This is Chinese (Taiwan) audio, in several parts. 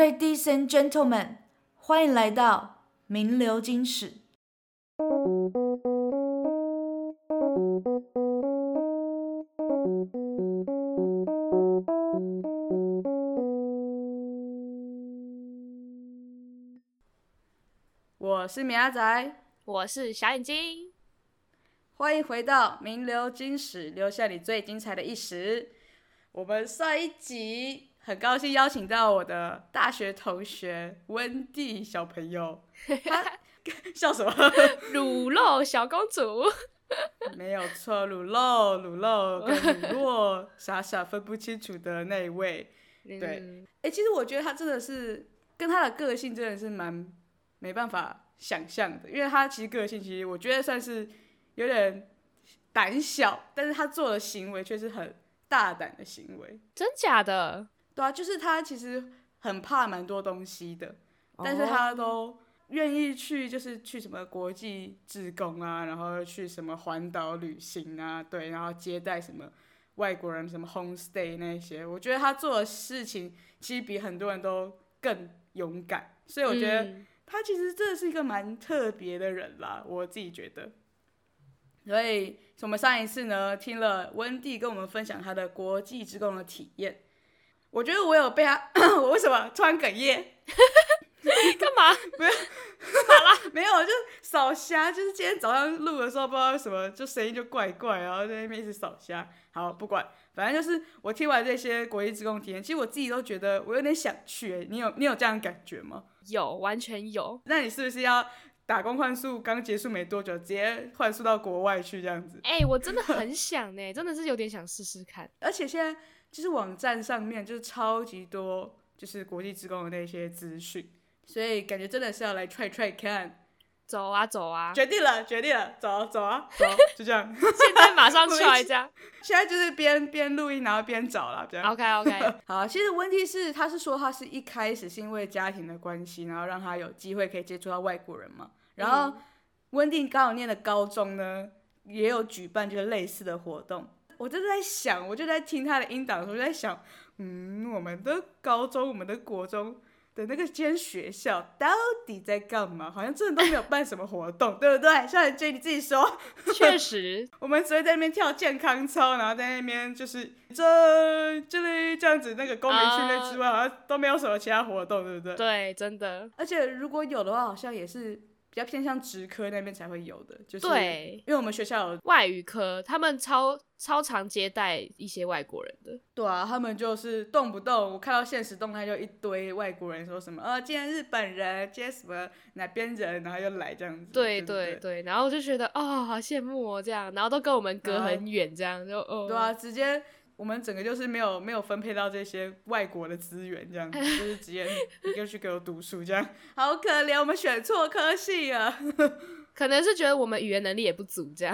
Ladies and gentlemen，歡迎來到《名流金史》。我是米阿仔，我是小眼睛，歡迎回到《名流金史》，留下你最精彩的一時。我們上一集。很高興邀請到我的大學同學溫蒂小朋友， 他笑什麼？ 乳酪小公主， 沒有錯，乳酪乳酪，跟滷肉 傻傻分不清楚的那一位。對，哎、嗯欸，其實我覺得他真的是跟他的個性真的是蠻沒辦法想象的，因為他其實個性其實我覺得算是有點膽小，但是他做的行為卻是很大膽的行為，真假的？對啊，就是他其實很怕蠻多東西的，哦、但是他都願意去，就是去什麼國際志工啊，然後去什麼環島旅行啊，對，然後接待什麼外國人，什麼 homestay 那些，我覺得他做的事情其實比很多人都更勇敢，所以我覺得他其實這是一個蠻特別的人啦，嗯、我自己覺得。所以，所以我們上一次呢，聽了溫蒂跟我們分享他的國際志工的體驗。我覺得我有被他， 我為什麼突然哽咽？幹 幹嘛？不 要沒有 好啦？沒有，就是掃蝦就是今天早上錄的時候，不知道什麼，就聲音就怪怪，然後在那邊一直掃蝦好，不管，反正就是我聽完這些國際志工體驗，其實我自己都覺得我有點想去。你有你有這樣感覺嗎？有，完全有。那你是不是要打工換宿？剛結束沒多久，直接換宿到國外去這樣子？哎、欸，我真的很想呢， 真的是有點想試試看。而且現在。就是網站上面就是超級多，就是國際志工的那些資訊，所以感覺真的是要來 try try 看，走啊走啊，決定了決定了，走啊走，啊 走啊，就這樣，現在馬上 try 一下，現在就是邊邊錄音然後邊找了，OK OK， 好，其實溫蒂是他是說他是一開始是因為家庭的關係，然後讓他有機會可以接觸到外國人嘛，然後溫蒂剛好念的高中呢也有舉辦這個類似的活動。我就在想，我就在聽他的音檔，我就在想，嗯，我們的高中，我們的國中的那個間學校到底在幹嘛？好像真的都沒有辦什麼活動，對不對？像你自己說，確實， 我們只會在那邊跳健康操，然後在那邊就是這這類這樣子那個公民訓練之外，好、uh, 像都沒有什麼其他活動，對不對？對，真的。而且如果有的話，好像也是。比較偏向職科那邊才會有的，就是對，因為我們學校有外語科，他們超超常接待一些外國人的，對啊，他們就是動不動我看到現實動態，就一堆外國人說什麼，呃、今天日本人，今天什麼哪邊人，然後又來這樣子，對對對，對對對，然後我就覺得啊、哦、好羨慕哦這樣，然後都跟我們隔很遠、啊、這樣就哦，對啊直接。我們整個就是沒有沒有分配到這些外國的資源，這樣、哎、就是直接你就 去給我讀書，這樣好可憐。我們選錯科系啊， 可能是覺得我們語言能力也不足，這樣。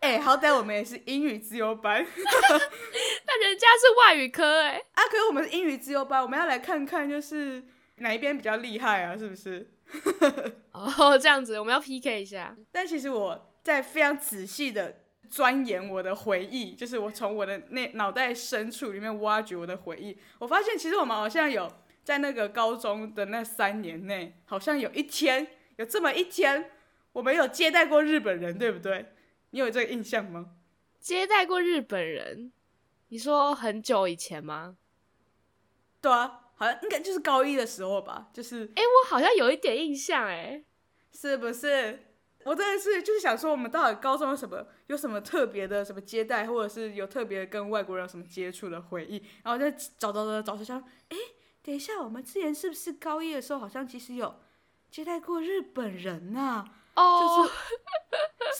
哎、 欸，好歹我們也是英語自由班， 但人家是外語科，哎啊，可是我們是英語自由班，我們要來看看就是哪一邊比較厲害啊，是不是？ 哦，這樣子，我們要 PK 一下。但其實我在非常仔細的。鑽研我的回憶，就是我從我的那腦袋深處裡面挖掘我的回憶。我發現其實我們好像有在那個高中的那三年內，好像有一天有這麼一天，我沒有接待過日本人，對不對？你有這個印象嗎？接待過日本人？你說很久以前嗎？對啊，好像應該就是高一的時候吧。就是，誒、欸，我好像有一點印象，、欸，誒，是不是？我真的是就是想說，我們到底高中有什麼，有什麼特別的，什麼接待，或者是有特別跟外國人有什麼接觸的回憶，然後就找到了，找學校。哎、欸，等一下，我們之前是不是高一的時候好像其實有接待過日本人吶、啊哦、oh.，是，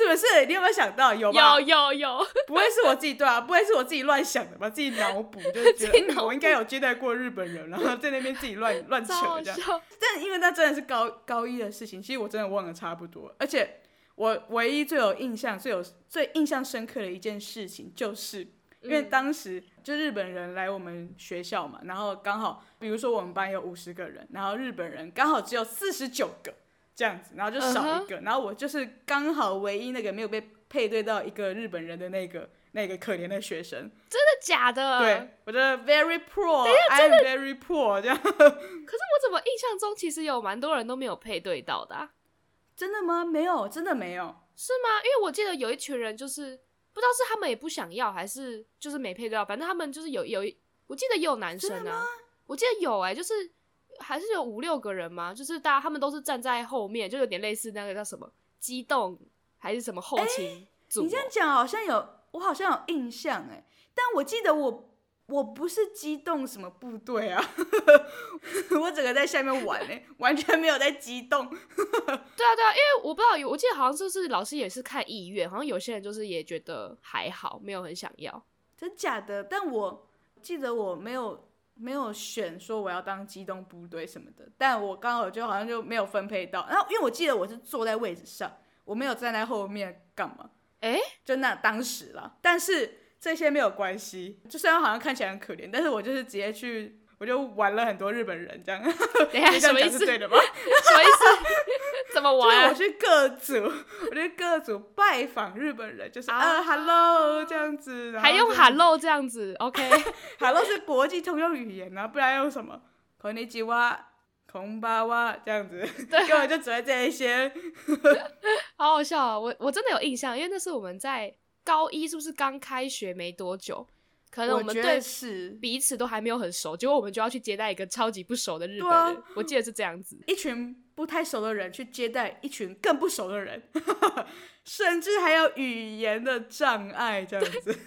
是不是？你有沒有想到？有有有有，不會是我自己，對啊，不會是我自己亂想的吧？自己腦補，就是覺得、 嗯、我應該有接待過日本人，然後在那邊自己亂亂扯這樣。但因為那真的是高高一的事情，其實我真的忘了差不多。而且我唯一最有印象、最有最印象深刻的一件事情，就是因為當時、嗯、就日本人來我們學校嘛，然後剛好比如說我們班有五十個人，然後日本人剛好只有四十九個。這樣子，然後就少一個，uh -huh. 然後我就是剛好唯一那個沒有被配對到一個日本人的那個那個可憐的學生。真的假的？對，我覺得 very poor，I'm very poor，這樣。可是我怎麼印象中其實有蠻多人都沒有配對到的。啊，真的嗎？沒有，真的沒有。是嗎？因為我記得有一群人，就是不知道是他們也不想要，還是就是沒配對到，反正他們就是有有一，我記得也有男生啊，我記得有哎、欸，就是。還是有五六個人嘛，就是大家他們都是站在後面，就有點類似那個叫什麼激動還是什麼後勤組、欸。你這樣講好像有，我好像有印象哎，但我記得我我不是激動什麼部隊啊， 我整個在下面玩哎， 完全沒有在激動。 對啊對啊，因為我不知道，我記得好像是是老師也是看意願，好像有些人就是也覺得還好，沒有很想要，真假的？但我記得我沒有。沒有選說我要當機動部隊什麼的，但我剛好就好像就沒有分配到。然後因為我記得我是坐在位置上，我沒有站在後面幹嘛？誒，就那當時了。但是這些沒有關係，就雖然好像看起來很可憐，但是我就是直接去，我就玩了很多日本人這樣。等一下，你什麼意思？對的嗎？什麼意思？ 怎麼玩、啊我？我去各組，我去各組拜訪日本人，就是、哦、啊 hello 這樣子，還用 hello 這樣子，OK，hello、okay、 是國際通用語言啊，然不然用什麼？可能只哇、空巴哇這樣子，對，根本就只會這一些， 好好笑啊、哦！我我真的有印象，因為那是我們在高一，是不是剛開學沒多久？可能我們對彼此都還沒有很熟，結果我們就要去接待一個超級不熟的日本人，啊、我記得是這樣子，一群。不太熟的人去接待一群更不熟的人， 甚至還有語言的障礙，這樣子，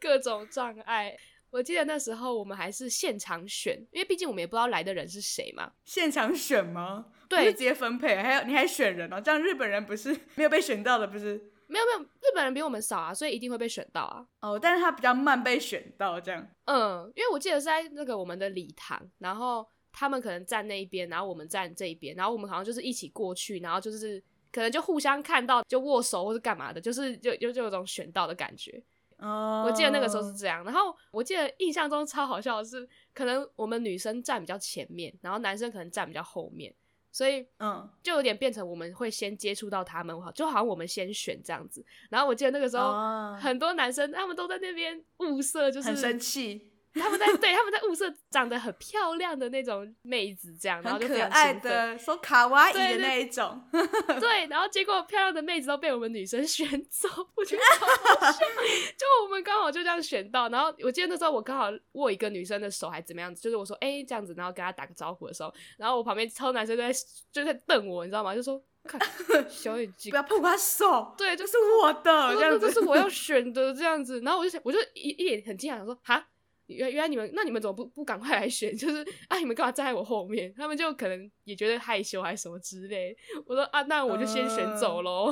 各種障礙。我記得那時候我們還是現場選，因為畢竟我們也不知道來的人是誰嘛。現場選嗎？對，直接分配，還有你還選人哦？這樣日本人不是沒有被選到的，不是？沒有沒有，日本人比我們少啊，所以一定會被選到啊。哦，但是他比較慢被選到，這樣。嗯，因為我記得是在那個我們的禮堂，然後。他們可能站那一邊，然後我們站這一邊，然後我們好像就是一起過去，然後就是可能就互相看到，就握手或是幹嘛的，就是就就就有種選到的感覺。Oh. 我記得那個時候是這樣。然後我記得印象中超好笑的是，可能我們女生站比較前面，然後男生可能站比較後面，所以嗯，就有點變成我們會先接觸到他們，就好好像我們先選這樣子。然後我記得那個時候，oh. 很多男生他們都在那邊物色，就是很生氣。 他們在對他們在物色長得很漂亮的那種妹子，這，這樣，然後就可愛的說卡哇伊的那一種，對，對， 對，然後結果漂亮的妹子都被我們女生選走，我覺得好笑， 就我們剛好就這樣選到，然後我記得那時候我剛好握一個女生的手還怎麼樣子，就是我說哎、欸、這樣子，然後跟她打個招呼的時候，然後我旁邊超男生在就在瞪我，你知道嗎？就說看小眼睛，不要碰她手，對，就、 就是、是我的，這樣子，就是我要選的這樣子，然後我就想我就一一臉很驚訝，我說哈。原原來你們，那你們怎麼不不趕快來選？就是啊，你們幹嘛站在我後面？他們就可能。也覺得害羞還是什麼之類，我說啊，那我就先選走嘍，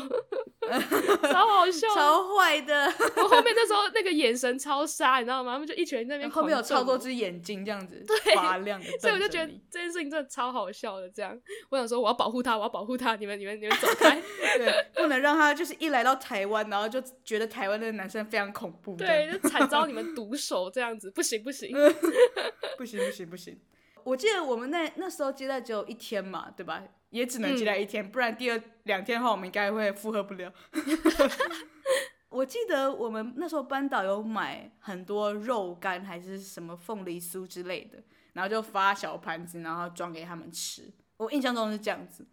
呃、 超好笑，超壞的。我後面那時候那個眼神超殺，你知道嗎？他們就一群人在那邊，後面有超多隻眼睛這樣子，對，發亮。所以我就覺得這件事情真的超好笑的。這樣，我想說我要保護他，我要保護他，你們你們你們走開， 對，不能讓他就是一來到台灣，然後就覺得台灣那個男生非常恐怖，對，就慘遭你們毒手這樣子，不 行不行，不行不行，呃、不行。不行不行我記得我們那那時候接待只有一天嘛，對吧？也只能接待一天，嗯、不然第二兩天的話我們應該會負荷不了。 我記得我們那時候班導有買很多肉乾還是什麼鳳梨酥之類的，然後就發小盤子，然後裝給他們吃。我印象中是這樣子，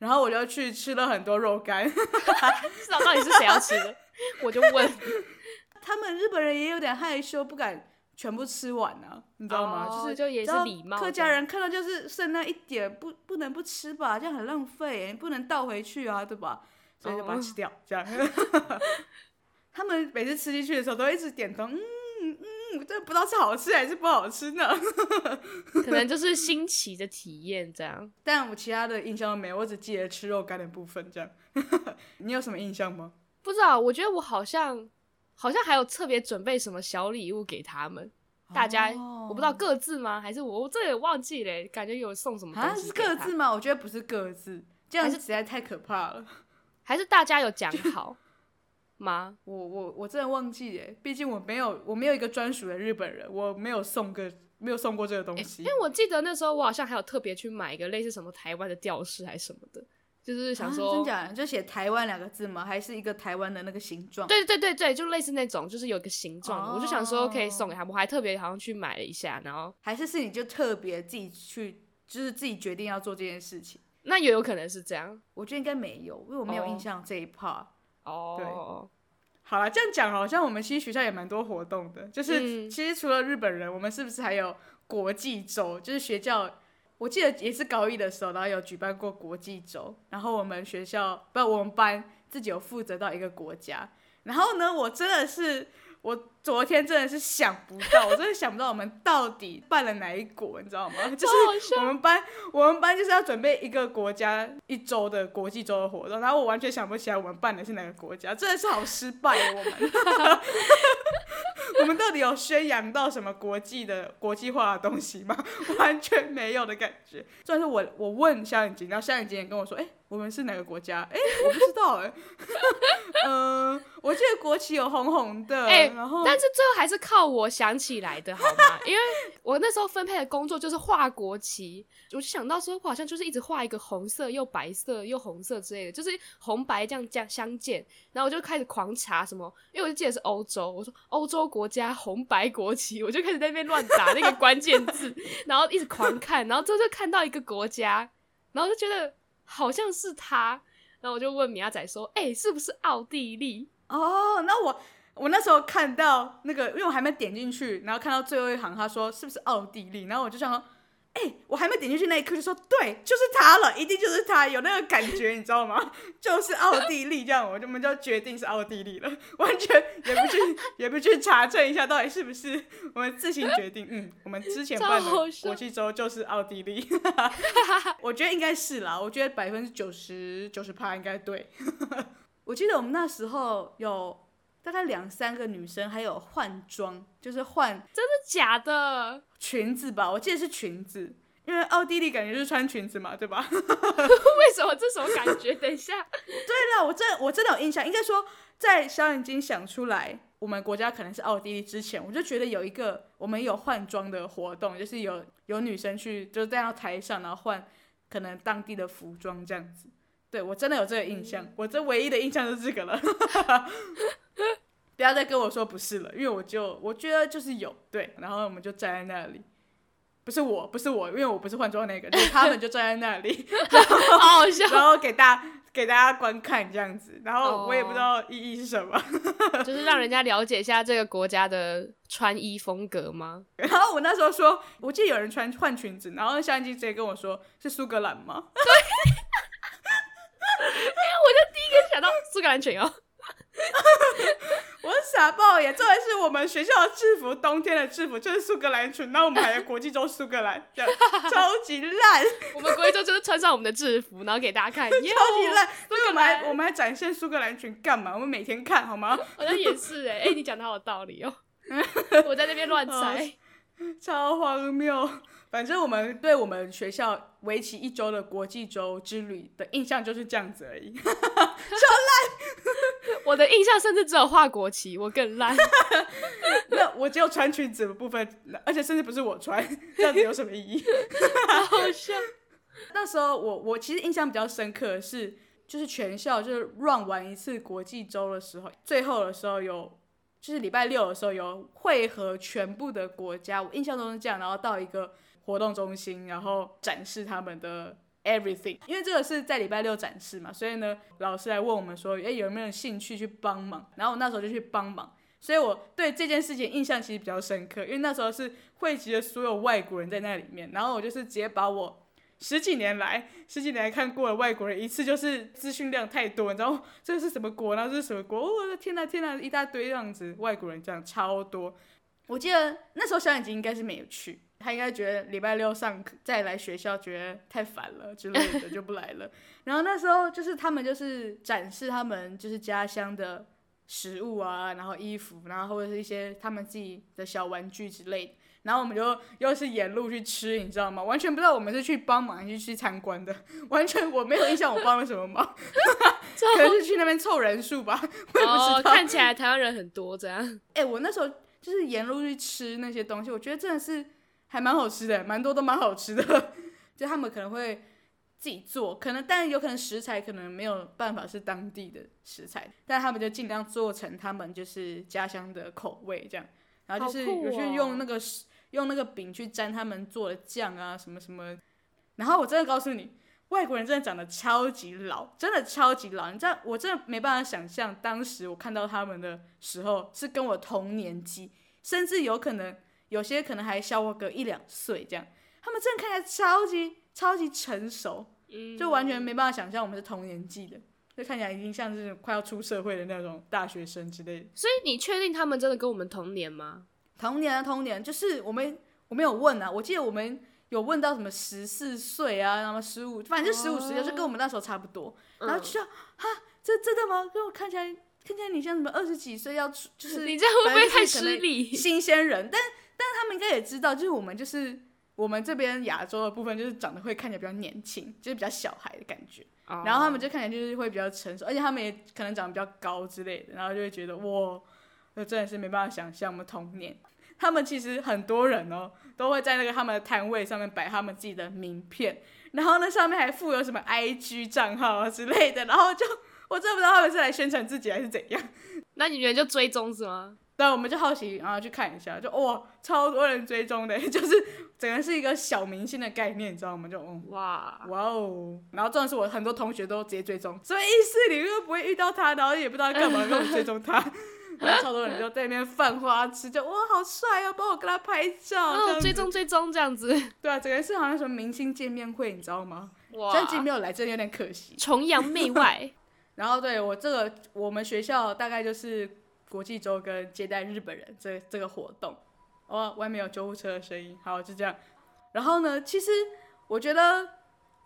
然後我就去吃了很多肉乾，知 道 到底是誰要吃的， 我就問 他們，日本人也有點害羞，不敢。全部吃完了、啊、你知道嗎？Oh, 就是就也是禮貌。客家人看到就是剩那一點不，不不能不吃吧，這樣很浪費，不能倒回去啊，對吧？所以就把它吃掉，oh. 這樣。 他們每次吃進去的時候都會一直點頭，嗯嗯，這不知道是好吃還是不好吃呢。 可能就是新奇的體驗這樣。但我其他的印象都沒，我只記得吃肉乾的部分這樣。 你有什麼印象嗎？不知道，我覺得我好像。好像還有特別準備什麼小禮物給他們，哦、大家我不知道各自嗎？還是我我這也忘記了、欸，感覺有送什麼東西、啊？是各自嗎？我覺得不是各自，這樣是實在太可怕了。還是，還是大家有講好嗎？我我我真的忘記嘞、欸，畢竟我沒有我沒有一個專屬的日本人，我沒有送個沒有送過這個東西、欸。因為我記得那時候我好像還有特別去買一個類似什麼台灣的吊飾還是什麼的。就是想說，啊、真假就寫台灣兩個字嗎？還是一個台灣的那個形狀？對對對對就類似那種，就是有個形狀。Oh, 我就想說可以送給他，oh. 我還特別好像去買了一下，然後還是是你就特別自己去，就是自己決定要做這件事情。那也有可能是這樣，我覺得應該沒有，因為我沒有印象這一 part、oh.。哦、oh.，好啦，這樣講好像我們其實學校也蠻多活動的，就是其實除了日本人，mm. 我們是不是還有國際周？就是學校。我記得也是高一的時候，然後有舉辦過國際周，然後我們學校不，我們班自己有負責到一個國家。然後呢，我真的是，我昨天真的是想不到，我真的想不到我們到底辦了哪一國， 你知道嗎？就是我們班，我們班就是要準備一個國家一周的國際周的活動，然後我完全想不起來我們辦的是哪個國家，真的是好失敗，我們。 我們到底有宣揚到什麼國際的國際化的東西嗎？完全沒有的感覺。算。 是我，我問小燕姐，然後小燕姐也跟我說，哎、欸。我們是哪個國家？誒、欸、我不知道誒、欸、嗯、 呃，我記得國旗有紅紅的。哎、欸，然後但是最後還是靠我想起來的， 好嗎？因為我那時候分配的工作就是畫國旗，我就想到說我好像就是一直畫一個紅色又白色又紅色之類的，就是紅白這樣相相間。然後我就開始狂查，什麼，因為我就記得是歐洲，我說歐洲國家紅白國旗，我就開始在那邊亂打那個關鍵字， 然後一直狂看，然後最後就看到一個國家，然後就覺得。好像是他，然後我就問米亞仔說：“哎，是不是奧地利？”哦，那我我那時候看到那個，因為我還沒點進去，然後看到最後一行，他說：“是不是奧地利？”然後我就想說。哎、欸，我還沒點進去那一刻就說對，就是他了，一定就是他，有那個感覺，你知道嗎？就是奧地利這樣， 我們就決定是奧地利了，完全也不去也不去查證一下到底是不是，我們自行決定。嗯，我們之前辦的國際周就是奧地利。 我覺得應該是啦，我覺得百分之九十九十趴應該對。 我記得我們那時候有。大概兩三個女生，還有換裝，就是換真的假的裙子吧？我記得是裙子，因為奧地利感覺就是穿裙子嘛，對吧？ 為什麼？這什麼感覺？等一下，對了，我真的我真的有印象，應該說在小眼睛想出來我們國家可能是奧地利之前，我就覺得有一個我們有換裝的活動，就是有有女生去就站到台上，然後換可能當地的服裝這樣子。對，我真的有這個印象，嗯，我這唯一的印象就是這個了。 不要再跟我說不是了，因為我就我覺得就是有對，然後我們就站在那裡，不是我，不是我，因為我不是換裝那個， 就是他們就站在那裡， 好好笑。然後給大家給大家觀看這樣子，然後我也不知道意義是什麼， 就是讓人家了解一下這個國家的穿衣風格嗎？然後我那時候說，我記得有人穿換裙子，然後相機直接跟我說是蘇格蘭嗎？ 對。想到蘇格蘭裙哦， 我傻爆耶！這還是我們學校的制服，冬天的制服就是蘇格蘭裙。那我們還在國際週蘇格蘭，這 樣超級爛！我們國際週就是穿上我們的制服，然後給大家看， 超級爛爛！所 以我們還我們還展現蘇格蘭裙幹嘛？我們每天看好嗎？好、喔、像也是誒、欸。誒、欸，你講的好有道理哦、喔！ 我在那邊亂猜、喔，超荒謬！反正我們對我們學校。圍棋一週的國際周之旅的印象就是這樣子而已，穿 爛小爛。 我的印象甚至只有畫國旗，我更爛。 那我只有穿裙子的部分，而且甚至不是我穿，這樣子有什麼意義？ 好像笑。那時候我我其實印象比較深刻的是，就是全校就是 run 完一次國際周的時候，最後的時候有，就是禮拜六的時候有會合全部的國家，我印象中是這樣，然後到一個。活動中心，然後展示他們的 everything，因為這個是在禮拜六展示嘛，所以呢，老師來問我們說，哎、欸，有沒有興趣去幫忙？然後我那時候就去幫忙，所以我對這件事情印象其實比較深刻，因為那時候是彙集了所有外國人在那裡面，然後我就是直接把我十幾年來十幾年來看過的外國人一次就是資訊量太多，你知道這是什麼國？然後這是什麼國？我、哦、的天哪、啊、天哪、啊，一大堆這樣子，外國人這樣超多，我記得那時候小眼睛應該是沒有去。他應該覺得禮拜六上課再來學校覺得太煩了之類的， 就不來了。然後那時候就是他們就是展示他們就是家鄉的食物啊，然後衣服，然後或者是一些他們自己的小玩具之類的。然後我們就又是沿路去吃，你知道嗎？完全不知道我們是去幫忙去去參觀的，完全我沒有印象我幫了什麼忙， 可能是去那邊湊人數吧，我也不知道。Oh, 看起來台灣人很多這樣。哎、欸，我那時候就是沿路去吃那些東西，我覺得真的是。還蠻好吃的，蠻多都蠻好吃的，就他們可能會自己做，可能但有可能食材可能沒有辦法是當地的食材，但他們就盡量做成他們就是家鄉的口味這樣，然後就是有去用那個、好酷哦、用那個餅去沾他們做的醬啊什麼什麼，然後我真的告訴你，外國人真的長得超級老，真的超級老，你知道我真的沒辦法想象當時我看到他們的時候是跟我同年紀，甚至有可能。有些可能還小我哥一兩歲這樣，他們真的看起來超級超級成熟，就完全沒辦法想象我們是同年紀的，就看起來已經像是快要出社會的那種大學生之類的。所以你確定他們真的跟我們同年嗎？同年啊，同年就是我們我沒有問啊，我記得我們有問到什麼十四歲啊，然後十五，反正十五十六就跟我們那時候差不多。Oh, 然後就說、嗯、哈，這真的嗎？跟我看起來看起來你像什麼二十幾歲要出，就是你這樣會不會太失禮？新鮮人，但。但是他們應該也知道，就是我們就是我們這邊亞洲的部分，就是長得會看起來比較年輕，就是比較小孩的感覺。然後他們就看起來就是會比較成熟，oh. 而且他們也可能長得比較高之類的，然後就會覺得哇，那真的是沒辦法想象我們童年。他們其實很多人哦、喔，都會在那個他們的攤位上面擺他們自己的名片，然後那上面還附有什麼 IG 賬號啊之類的，然後就我真的不知道他們是來宣傳自己還是怎樣。那你覺得就追蹤是嗎？然後我們就好奇，然後去看一下，就哇，超多人追蹤的，就是整個是一個小明星的概念，你知道嗎？就、嗯、哇，哇哦。然後重點是我很多同學都直接追蹤，所以意思，你又不會遇到他，然後也不知道幹嘛那麼追蹤他。然 後超多人就在那邊犯花痴，就哇，好帥啊，幫我跟他拍照、哦，追蹤追蹤這樣子。對啊，整個是好像什麼明星見面會，你知道嗎？哇，張繼沒有來，真的有點可惜。崇洋媚外。 然後對我這個，我們學校大概就是。國際週跟接待日本人這這個活動，哦、oh,，外面有救護車的聲音。好，就這樣。然後呢，其實我覺得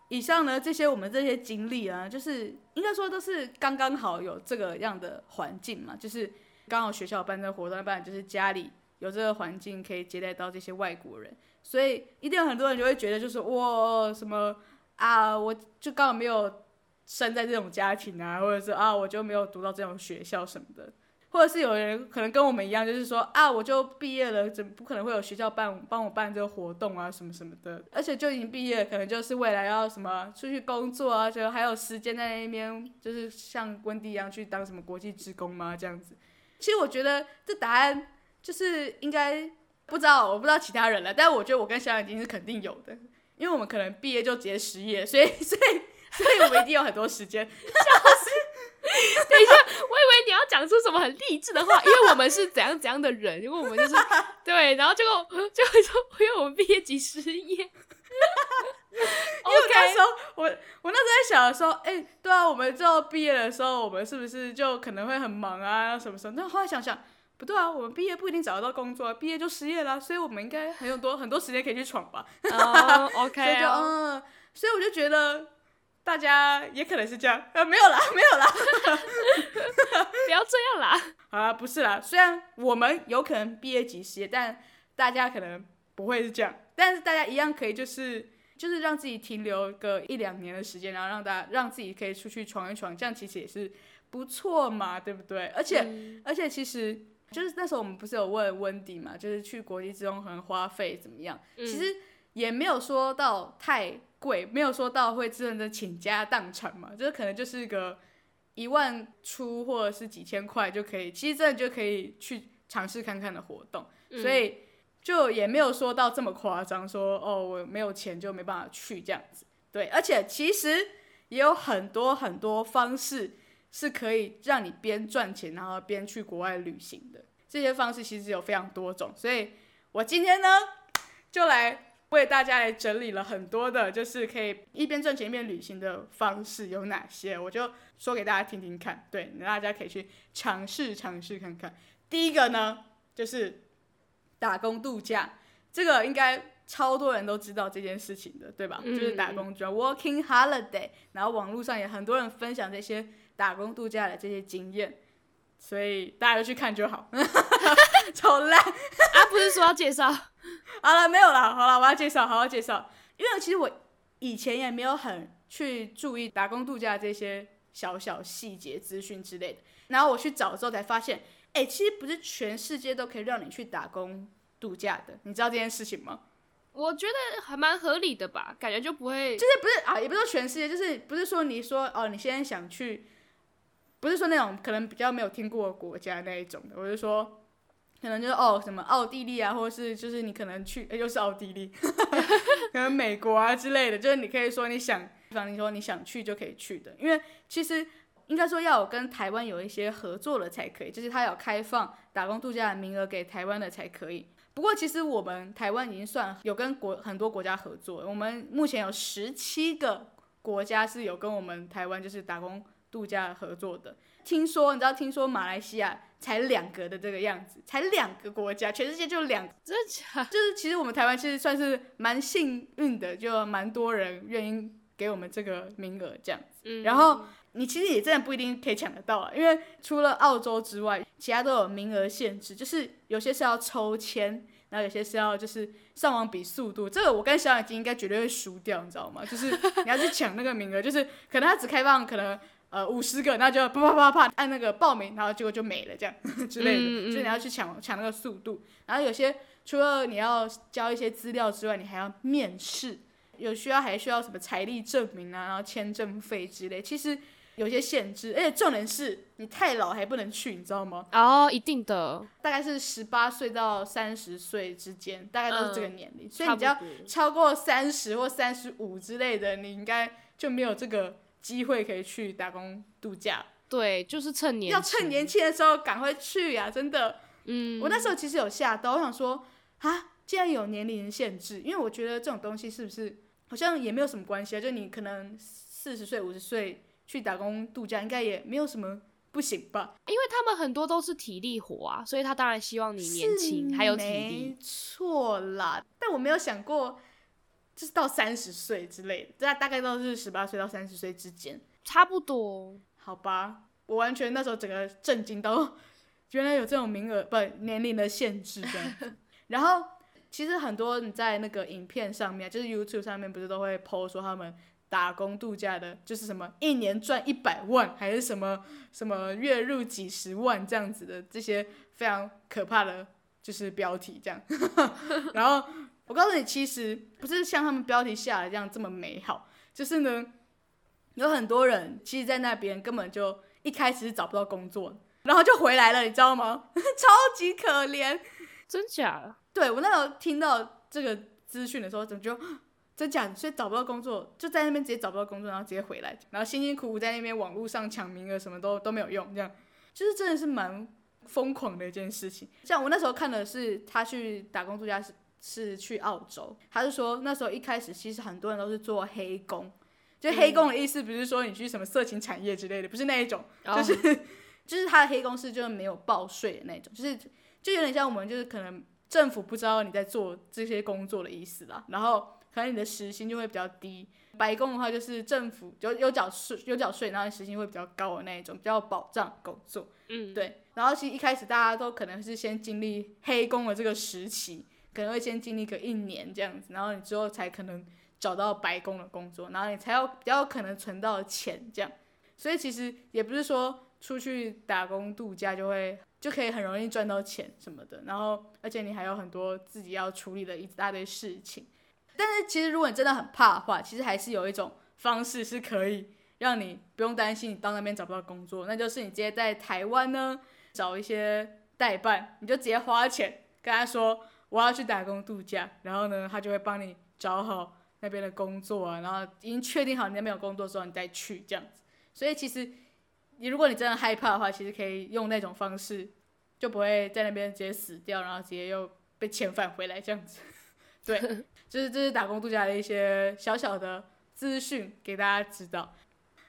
以上呢這些我們這些經歷啊，就是應該說都是剛剛好有這個樣的環境嘛，就是剛好學校辦這個活動辦，要不然就是家裡有這個環境可以接待到這些外國人，所以一定有很多人就會覺得就是哇，什麼啊，我就剛好沒有生在這種家庭啊，或者是啊，我就沒有讀到這種學校什麼的。或是有人可能跟我們一樣，就是說啊，我就畢業了，怎麼不可能會有學校辦幫我辦這個活動啊什麼什麼的？而且就已經畢業，可能就是未來要什麼出去工作啊，就還有時間在那邊，就是像溫迪一樣去當什麼國際志工嗎？這樣子？其實我覺得這答案就是應該不知道，我不知道其他人了，但我覺得我跟小眼睛是肯定有的，因為我們可能畢業就直接失業，所以所以所以我們一定有很多時間 等一下，我以為你要講出什麼很勵志的話，因為我們是怎樣怎樣的人， 因為我們就是對，然後結果就會說，為 因為我們畢業即失業。OK，那時候、okay. 我我那時候在想說，時、欸、哎，對啊，我們最後畢業的時候，我們是不是就可能會很忙啊什麼時候？那後，後來想想，不對啊，我們畢業不一定找得到工作，畢業就失業了，所以我們應該很有很多很多時間可以去闖吧。然 後、oh, OK，所以就嗯，oh. 所以我就覺得。大家也可能是這樣，呃、啊，沒有啦，沒有啦， 不要這樣啦，啊，不是啦，雖然我們有可能畢業即失業，但大家可能不會是這樣，但是大家一樣可以，就是就是讓自己停留個一兩年的時間，然後讓大家讓自己可以出去闖一闖，這樣其實也是不錯嘛，對不對？而且、嗯、而且其實就是那時候我們不是有問溫迪嘛，就是去國際之中可能花費怎麼樣、嗯，其實也沒有說到太。貴，沒有說到會真的傾家蕩產嘛，就是可能就是個一萬出或者是幾千塊就可以，其實真的就可以去嘗試看看的活動，嗯、所以就也沒有說到這麼誇張說，說哦，我沒有錢就沒辦法去這樣子。對，而且其實也有很多很多方式是可以讓你邊賺錢然後邊去國外旅行的，這些方式其實有非常多種，所以我今天呢就來。為大家也整理了很多的，就是可以一邊賺錢一邊旅行的方式有哪些，我就說給大家聽聽看。對，大家可以去嘗試嘗試看看。第一個呢，就是打工度假，這個應該超多人都知道這件事情的，對吧？嗯、就是打工就 working holiday，然後網絡上也很多人分享這些打工度假的這些經驗，所以大家就去看就好。 從來啊，不是說要介紹， 好了，沒有了，好了，我要介紹，好好介紹。因為其實我以前也沒有很去注意打工度假這些小小細節資訊之類的。然後我去找的時候才發現，哎，其實不是全世界都可以讓你去打工度假的，你知道這件事情嗎？我覺得還蠻合理的吧，感覺就不會，就是不是啊，也不是說全世界，就是不是說你說哦，你現在想去，不是說那種可能比較沒有聽過的國家那一種的，我就是說。可能就是哦，什麼奧地利啊，或者是就是你可能去，誒，又是奧地利， 可能美國啊之類的，就是你可以說你想，比方你說你想去就可以去的，因為其實應該說要有跟台灣有一些合作了才可以，就是他有開放打工度假的名額給台灣的才可以。不過其實我們台灣已經算有跟國很多國家合作，我們目前有十七個國家是有跟我們台灣就是打工度假合作的。聽說你知道，聽說馬來西亞。才兩個的這個樣子，才兩個國家，全世界就兩個，真假？就是其實我們台灣其實算是蠻幸運的，就蠻多人願意給我們這個名額這樣子。嗯嗯。然後你其實也真的不一定可以搶得到啊，因為除了澳洲之外，其他都有名額限制，就是有些是要抽籤，然後有些是要就是上網比速度。這個我跟小眼睛應該絕對會輸掉，你知道嗎？就是你要去搶那個名額， 就是可能他只開放可能，呃，五十個，那就要啪啪啪啪，啪按那個報名，然後結果就沒了，這樣呵呵之類的。所、嗯、以、就是、你要去搶搶那個速度。然後有些除了你要交一些資料之外，你還要面試，有需要還需要什麼財力證明啊，然後簽證費之類。其實有些限制，而且重點是你太老還不能去，你知道嗎？哦，一定的，大概是十八歲到三十歲之間，大概都是這個年齡。嗯、所以你只要超過三十或三十五之類的，你應該就沒有這個機會可以去打工度假，對，就是趁年要趁年輕的時候趕快去呀、啊！真的，嗯，我那時候其實有嚇到，我想說啊，既然有年齡限制，因為我覺得這種東西是不是好像也沒有什麼關係啊？就你可能四十歲、五十歲去打工度假，應該也沒有什麼不行吧？因為他們很多都是體力活啊，所以他當然希望你年輕還有體力，沒錯啦！但我沒有想過。就是到三十歲之類的，這大概都是十八歲到三十歲之間，差不多，好吧。我完全那時候整個震驚到，原來有這種名額，不年齡的限制的。 然後其實很多你在那個影片上面，就是 YouTube 上面，不是都會 PO 說他們打工度假的，就是什麼一年賺一百萬，還是什麼什麼月入幾十萬這樣子的，這些非常可怕的就是標題這樣。 然後。我告訴你，其實不是像他們標題下的這樣這麼美好，就是呢，有很多人其實，在那邊根本就一開始是找不到工作，然後就回來了，你知道嗎？超級可憐。真假的？對，我那時候聽到這個資訊的時候，總覺得真假，所以找不到工作，就在那邊直接找不到工作，然後直接回來，然後辛辛苦苦在那邊網絡上搶名額，什麼都都沒有用，這樣就是真的是蠻瘋狂的一件事情。像我那時候看的是他去打工度假是，是去澳洲，他就說那時候一開始其實很多人都是做黑工，就黑工的意思不是說你去什麼色情產業之類的，不是那一種，哦、就是就是他的黑工是就是沒有報稅的那種，就是就有點像我們就是可能政府不知道你在做這些工作的意思啦，然後可能你的時薪就會比較低，白工的話就是政府就有繳稅有繳稅，然後時薪會比較高的那一種比較保障工作，嗯，對，然後其實一開始大家都可能是先經歷黑工的這個時期。可能會先經歷個一年這樣子，然後你之後才可能找到白工的工作，然後你才有比較有可能存到錢這樣。所以其實也不是說出去打工度假就會就可以很容易賺到錢什麼的。然後而且你還有很多自己要處理的一大堆事情。但是其實如果你真的很怕的話，其實還是有一種方式是可以讓你不用擔心你到那邊找不到工作，那就是你直接在台灣呢找一些代辦，你就直接花錢跟他說。我要去打工度假，然後呢，他就會幫你找好那邊的工作啊，然後已經確定好你那邊有工作之後，你再去這樣子。所以其實你如果你真的害怕的話，其實可以用那種方式，就不會在那邊直接死掉，然後直接又被遣返回來這樣子。 對，就是這是打工度假的一些小小的資訊給大家知道。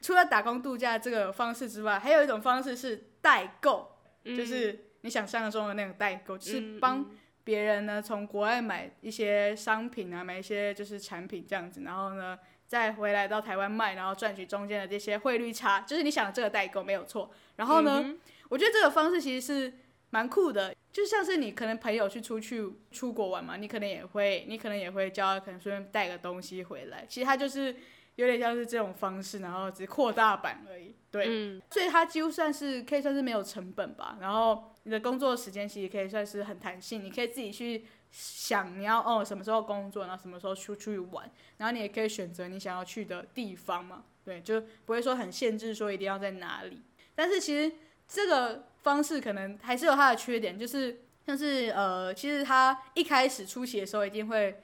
除了打工度假這個方式之外，還有一種方式是代購，就是你想象中的那種代購，就是幫。別人呢，從國外買一些商品啊，買一些就是產品這樣子，然後呢，再回來到台灣賣，然後賺取中間的這些匯率差，就是你想這個代購沒有錯。然後呢、嗯，我覺得這個方式其實是蠻酷的，就像是你可能朋友去出去出國玩嘛，你可能也會，你可能也會叫他可能順便帶個東西回來，其實它就是有點像是這種方式，然後只是擴大版而已。對、嗯，所以它幾乎算是可以算是沒有成本吧，然後。你的工作的時間其實可以算是很彈性，你可以自己去想你要哦什麼時候工作，然後什麼時候出去玩，然後你也可以選擇你想要去的地方嘛，對，就不會說很限制說一定要在哪裡。但是其實這個方式可能還是有它的缺點，就是像是呃，其實他一開始出席的時候一定會。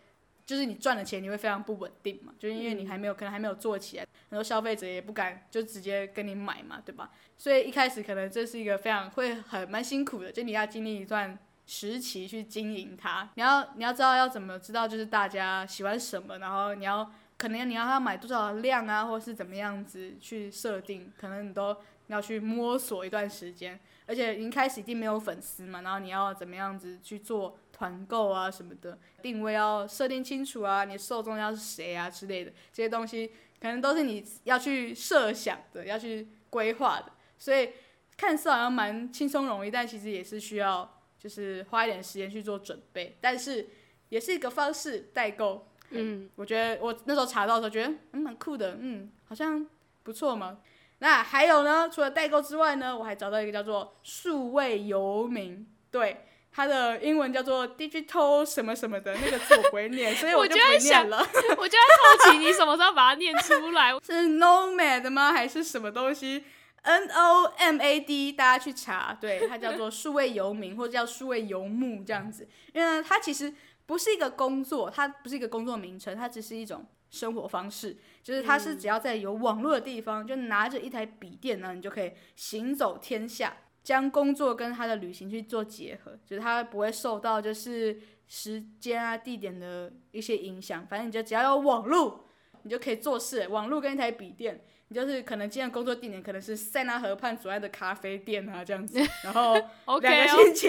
就是你賺的錢你會非常不穩定嘛，就是、因為你還沒有、嗯、可能還沒有做起來，很多消費者也不敢就直接跟你買嘛，對吧？所以一開始可能這是一個非常會很蠻辛苦的，就你要經歷一段時期去經營它，你要你要知道要怎麼知道就是大家喜歡什麼，然後你要可能你要他買多少量啊，或是怎麼樣子去設定，可能你都你要去摸索一段時間，而且一開始已經沒有粉絲嘛，然後你要怎麼樣子去做？團購啊什麼的，定位，要設定清楚啊，你受眾要是誰啊之類的，這些東西可能都是你要去設想的，要去規劃的。所以看似好像蠻輕鬆容易，但其實也是需要就是花一點時間去做準備。但是也是一個方式，代購。嗯，嗯，我覺得我那時候查到的時候覺得嗯，蠻酷的，嗯，好像不錯嘛。那還有呢，除了代購之外呢，我還找到一個叫做數位遊民，對。它的英文叫做 digital 什麼什麼的那個字，我不會念，所以我就不念了。 我就在想，我就在好奇 你什麼時候把它念出來？ 是 nomad 嗎？還是什麼東西？nomad 大家去查，對，它叫做數位游民， 或者叫數位游牧這樣子。因為呢，它其實不是一個工作，它不是一個工作名稱，它只是一種生活方式。就是它是只要在有網絡的地方，就拿着一台筆電呢，你就可以行走天下。將工作跟他的旅行去做結合，就是他不會受到就是時間啊、地點的一些影響。反正你就只要有網絡，你就可以做事。網絡跟一台筆電，你就是可能今天的工作地點可能是塞納河畔左岸的咖啡店啊這樣子，然後兩個星期，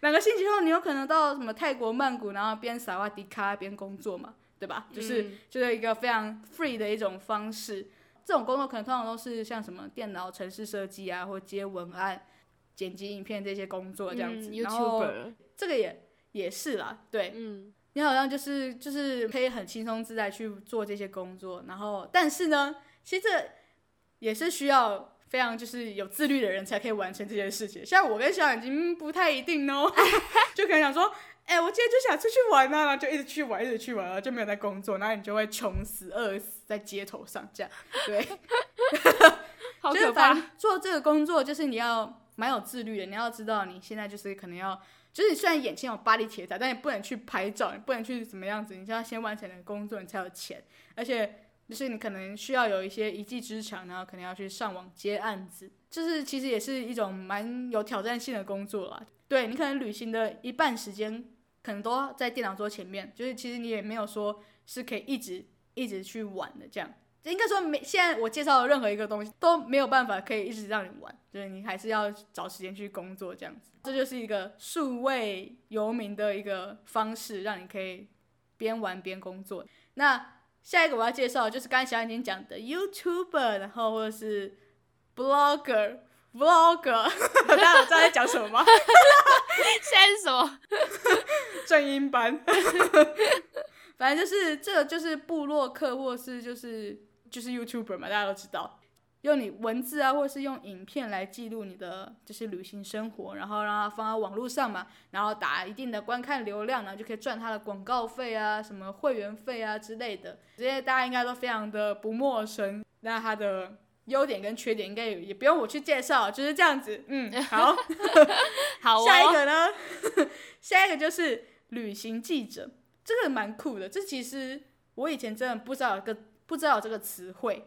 兩 Okay, okay. 個星期後你有可能到什麼泰國曼谷，然後邊撒哇迪卡邊工作嘛，對吧？就是、嗯、就是一個非常 free 的一種方式。這種工作可能通常都是像什麼電腦、程式設計啊，或接文案、剪輯影片這些工作這樣子。嗯、然後、YouTuber 這個也也是啦，對，嗯、你好像就是就是可以很輕鬆自在去做這些工作，然後但是呢，其實這也是需要非常就是有自律的人才可以完成這些事情。像我跟小眼睛不太一定哦， 就可能想說。哎、欸，我今天就想出去玩啊，然後就一直去玩，一直去玩，啊，就沒有在工作，那你就會窮死餓死在街頭上這樣。對， 好可怕。就是，做這個工作就是你要蠻有自律的，你要知道你現在就是可能要，就是你雖然眼前有巴黎鐵塔，但你不能去拍照，你不能去怎麼樣子，你就要先完成你的工作，你才有錢。而且就是你可能需要有一些一技之長，然後可能要去上網接案子，就是其實也是一種蠻有挑戰性的工作啦。對，你可能旅行的一半時間，很多在電腦桌前面，就是其實你也沒有說是可以一直一直去玩的這樣，應該說沒。現在我介紹的任何一個東西都沒有辦法可以一直讓你玩，就是你還是要找時間去工作這樣子。這就是一個數位遊民的一個方式，讓你可以邊玩邊工作。那下一個我要介紹就是剛才小眼睛講的 YouTuber，然後或者是 Blogger，Blogger，大家知道在講什麼嗎？ 現在是什麼 正音班？ 反正就是這個，就是部落客，或是就是就是 YouTuber 嘛，大家都知道，用你文字啊，或者是用影片來記錄你的就是旅行生活，然後讓它放到網絡上嘛，然後打一定的觀看流量，然後就可以賺他的廣告費啊、什麼會員費啊之類的。這些大家應該都非常的不陌生。那他的優點跟缺點應該也不用我去介紹，就是這樣子。嗯，好， 好、哦，下一個呢？下一個就是旅行記者，這個蠻酷的。這其實我以前真的不知道有個，個不知道有這個詞彙。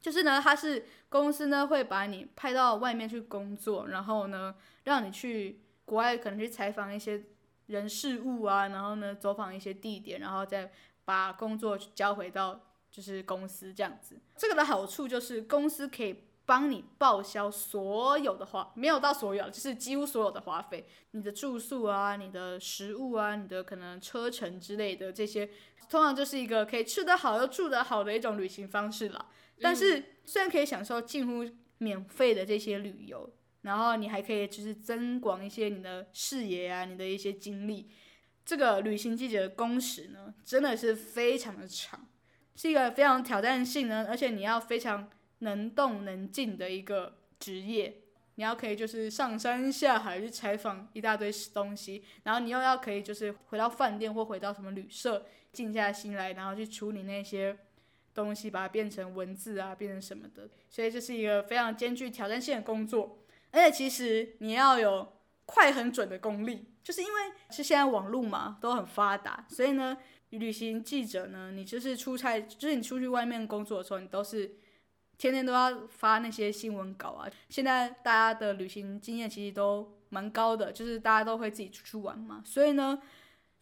就是呢，他是公司呢會把你派到外面去工作，然後呢讓你去國外可能去採訪一些人事物啊，然後呢走訪一些地點，然後再把工作交回到。就是公司這樣子，這個的好處就是公司可以幫你報銷所有的花，沒有到所有，就是幾乎所有的花費，你的住宿啊，你的食物啊，你的可能車程之類的這些，通常就是一個可以吃得好又住得好的一種旅行方式啦。嗯、但是雖然可以享受近乎免費的這些旅遊，然後你還可以就是增廣一些你的視野啊，你的一些經歷，這個旅行記者的工時呢，真的是非常的長。是一個非常挑戰性的，而且你要非常能動能靜的一個職業。你要可以就是上山下海去採訪一大堆東西，然後你又要可以就是回到飯店或回到什麼旅社，靜下心來，然後去處理那些東西，把它變成文字啊，變成什麼的。所以這是一個非常兼具挑戰性的工作，而且其實你要有快很準的功力，就是因為是現在網絡嘛，都很發達，所以呢。旅行記者呢，你就是出差，就是你出去外面工作的時候，你都是天天都要發那些新聞稿啊。現在大家的旅行經驗其實都蠻高的，就是大家都會自己出去玩嘛。所以呢，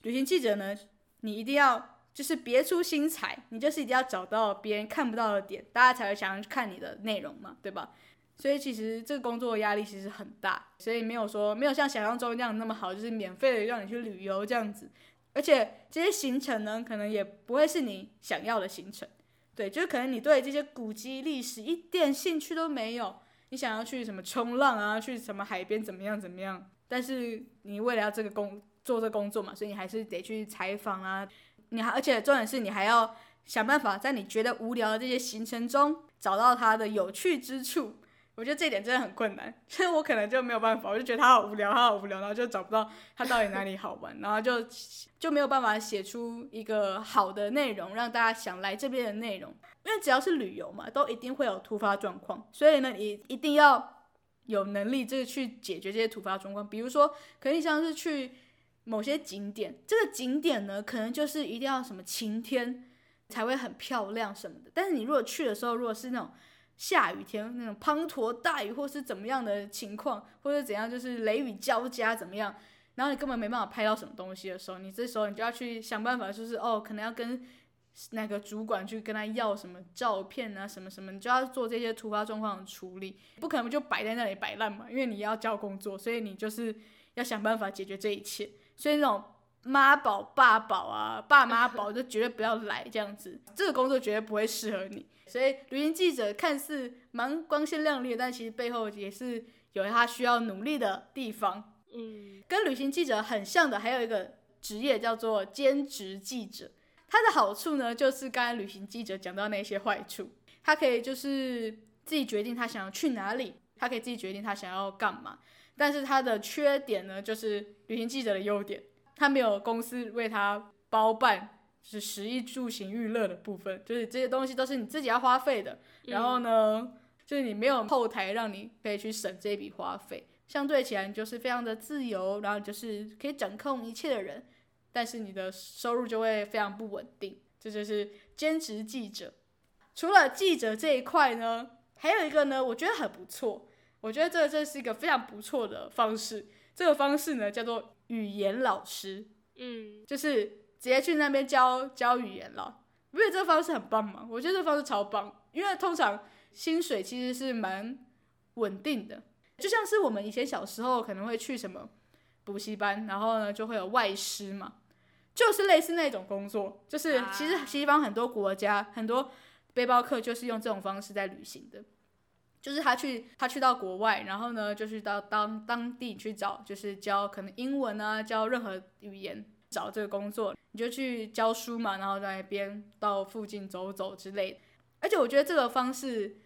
旅行記者呢，你一定要就是別出心裁，你就是一定要找到別人看不到的點，大家才會想要去看你的內容嘛，對吧？所以其實這個工作的壓力其實很大，所以沒有說沒有像想象中那樣那麼好，就是免費的讓你去旅遊這樣子。而且這些行程呢，可能也不會是你想要的行程。對，就是可能你對這些古蹟歷史一點興趣都沒有，你想要去什麼衝浪啊，去什麼海邊怎麼樣怎麼樣。但是你為了要這個工做這工作嘛，所以你還是得去採訪啊。你還而且重點是你還要想辦法在你覺得無聊的這些行程中找到它的有趣之處。我覺得這點真的很困難，所以我可能就沒有辦法，我就覺得他好無聊，他好無聊，然後就找不到他到底哪裡好玩， 然後就就沒有辦法寫出一個好的內容讓大家想來這邊的內容。因為只要是旅遊嘛，都一定會有突發狀況，所以呢，一一定要有能力就是去解決這些突發狀況。比如說，可以像是去某些景點，這個景點呢，可能就是一定要什麼晴天才會很漂亮什麼的，但是你如果去的時候，如果是那種。下雨天那種滂沱大雨或或是怎麼樣的情況，或者怎樣，就是雷雨交加，怎麼樣，然後你根本沒辦法拍到什麼東西的時候，你這時候你就要去想辦法，就是哦，可能要跟那個主管去跟他要什麼照片啊，什麼什麼，你就要做這些突發狀況的處理，不可能就擺在那裡擺爛嘛，因為你要交工作，所以你就是要想辦法解決這一切，所以那種媽寶、爸寶啊、爸媽寶就絕對不要來這樣子，這個工作絕對不會適合你。所以，旅行記者看似蠻光鮮亮麗，但其實背後也是有他需要努力的地方。嗯，跟旅行記者很像的還有一個職業叫做兼職記者。他的好處呢，就是剛才旅行記者講到那些壞處，他可以就是自己決定他想要去哪裡，他可以自己決定他想要幹嘛。但是他的缺點呢，就是旅行記者的優點，他沒有公司為他包辦。就是食衣住行娛樂的部分，就是這些東西都是你自己要花費的，嗯。然後呢，就是你沒有後台讓你可以去省這筆花費，相對起來你就是非常的自由，然後你就是可以掌控一切的人。但是你的收入就會非常不穩定，這就是兼職記者。除了記者這一塊呢，還有一個呢，我覺得很不錯。我覺得這這是一個非常不錯的方式。這個方式呢，叫做語言老師。嗯，就是。直接去那邊教教語言了，因為這個方式很棒嘛，我覺得這個方式超棒，因為通常薪水其實是蠻穩定的，就像是我們以前小時候可能會去什麼補習班，然後呢就會有外師嘛，就是類似那種工作，就是其實西方很多國家很多背包客就是用這種方式在旅行的，就是他去他去到國外，然後呢就去到當當地去找，就是教可能英文啊，教任何語言。找這個工作，你就去教書嘛，然後在那邊到附近走走之類的。而且我覺得這個方式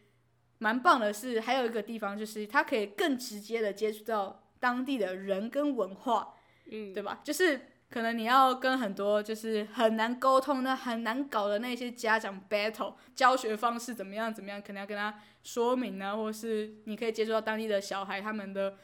蠻棒的是，是還有一個地方就是，它可以更直接的接觸到當地的人跟文化，嗯，對吧？就是可能你要跟很多就是很難溝通的、很難搞的那些家長 battle，教學方式怎麼樣怎麼樣，可能要跟他說明呢、啊，或是你可以接觸到當地的小孩他們的。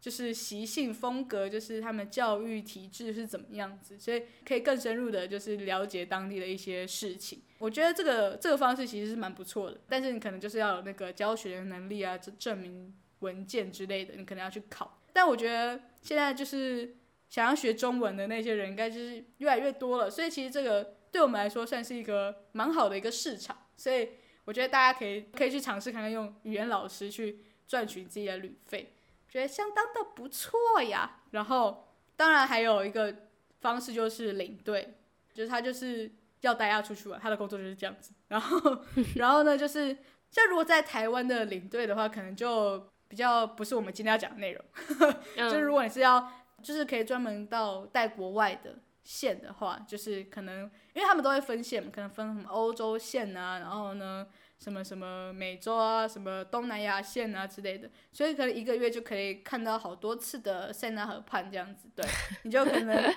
就是習性風格，就是他們教育體制是怎麼樣子，所以可以更深入的，就是了解當地的一些事情。我覺得這個這個方式其實是蠻不錯的，但是你可能就是要有那個教學能力啊，證證明文件之類的，你可能要去考。但我覺得現在就是想要學中文的那些人，應該就是越來越多了，所以其實這個對我們來說算是一個蠻好的一個市場。所以我覺得大家可以可以去嘗試看看，用語言老師去賺取自己的旅費。覺得相當的不錯呀，然後當然還有一個方式就是領隊，就是他就是要帶他出去玩。他的工作就是這樣子。然後， 然後呢，就是像如果在台灣的領隊的話，可能就比較不是我們今天要講的內容。 就是如果你是要，就是可以專門到帶國外的線的話，就是可能因為他們都會分線，可能分什麼歐洲線啊，然後呢。什麼什麼美洲啊，什麼東南亞線啊之類的，所以可能一個月就可以看到好多次的塞納河畔這樣子，對，你就可能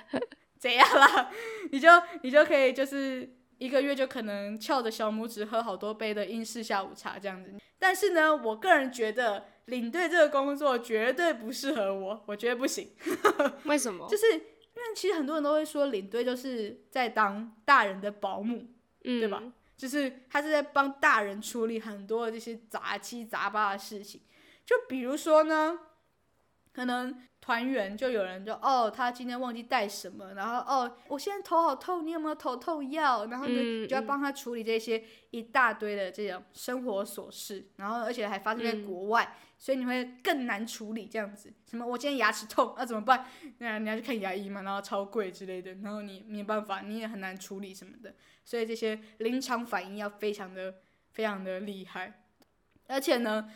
這樣啦， 你就你就可以就是一個月就可能翹着小拇指喝好多杯的英式下午茶這樣子。但是呢，我個人覺得領隊這個工作絕對不適合我，我覺得不行。 為什麼？就是因為其實很多人都會說領隊就是在當大人的保姆，嗯、對吧？就是他是在幫大人處理很多這些雜七雜八的事情，就比如說呢，可能團員就有人就哦，他今天忘記帶什麼，然後哦，我現在頭好痛，你有沒有頭痛藥？然後就、嗯、就要幫他處理這些一大堆的這種生活瑣事，然後而且還發生在國外，嗯、所以你會更難處理這樣子。什麼我今天牙齒痛，那、啊、怎麼辦？那你要去看牙醫嘛，然後超貴之類的，然後你沒辦法，你也很難處理什麼的。所以這些臨場反應要非常的非常的厲害，而且呢，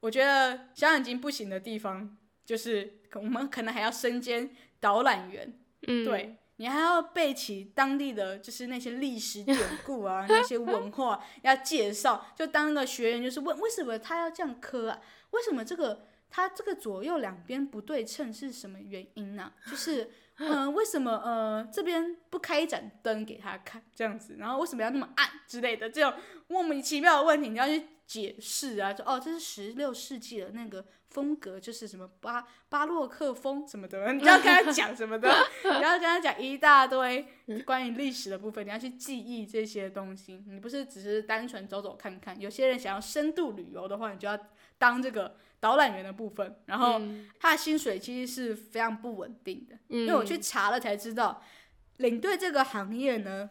我覺得小眼睛不行的地方，就是我們可能還要身兼導覽員，嗯，對，你還要背起當地的就是那些歷史典故啊， 那些文化、啊、要介紹，就當個學員，就是問為什麼他要這樣磕啊？為什麼這個他這個左右兩邊不對稱是什麼原因呢、啊？就是。 嗯、呃，為什麼呃這邊不開一盞燈給他看這樣子？然後為什麼要那麼暗之類的？這種莫名其妙的問題你要去解釋啊！就哦，這是十六世紀的那個風格，就是什麼巴巴洛克風什麼的，你要跟他講什麼的， 你要跟他講一大堆關於歷史的部分，你要去記憶這些東西。你不是只是單純走走看看？有些人想要深度旅遊的話，你就要當這個。導覽員的部分，然後他的薪水其實是非常不穩定的，嗯，因為我去查了才知道，領隊這個行業呢，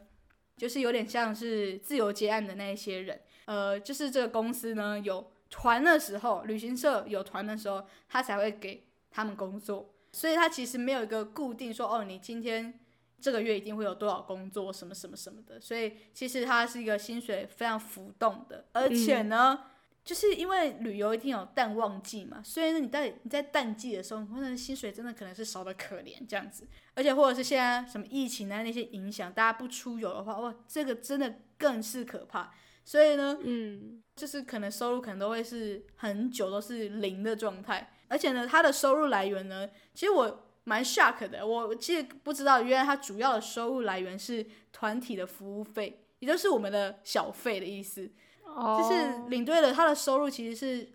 就是有點像是自由接案的那一些人，呃，就是這個公司呢有團的時候，旅行社有團的時候，他才會給他們工作，所以他其實沒有一個固定說哦，你今天這個月一定會有多少工作什麼什麼什麼的，所以其實他是一個薪水非常浮動的，而且呢。嗯就是因為旅遊一定有淡旺季嘛，所以呢，你在你在淡季的時候，你可能薪水真的可能是少得可憐這樣子，而且或者是現在什麼疫情啊那些影響，大家不出遊的話，哇，這個真的更是可怕。所以呢，嗯，就是可能收入可能都會是很久都是零的狀態，而且呢，他的收入來源呢，其實我蠻 shock 的，我其實不知道，原來他主要的收入來源是團體的服務費，也就是我們的小費的意思。就是領隊的，他的收入其實是，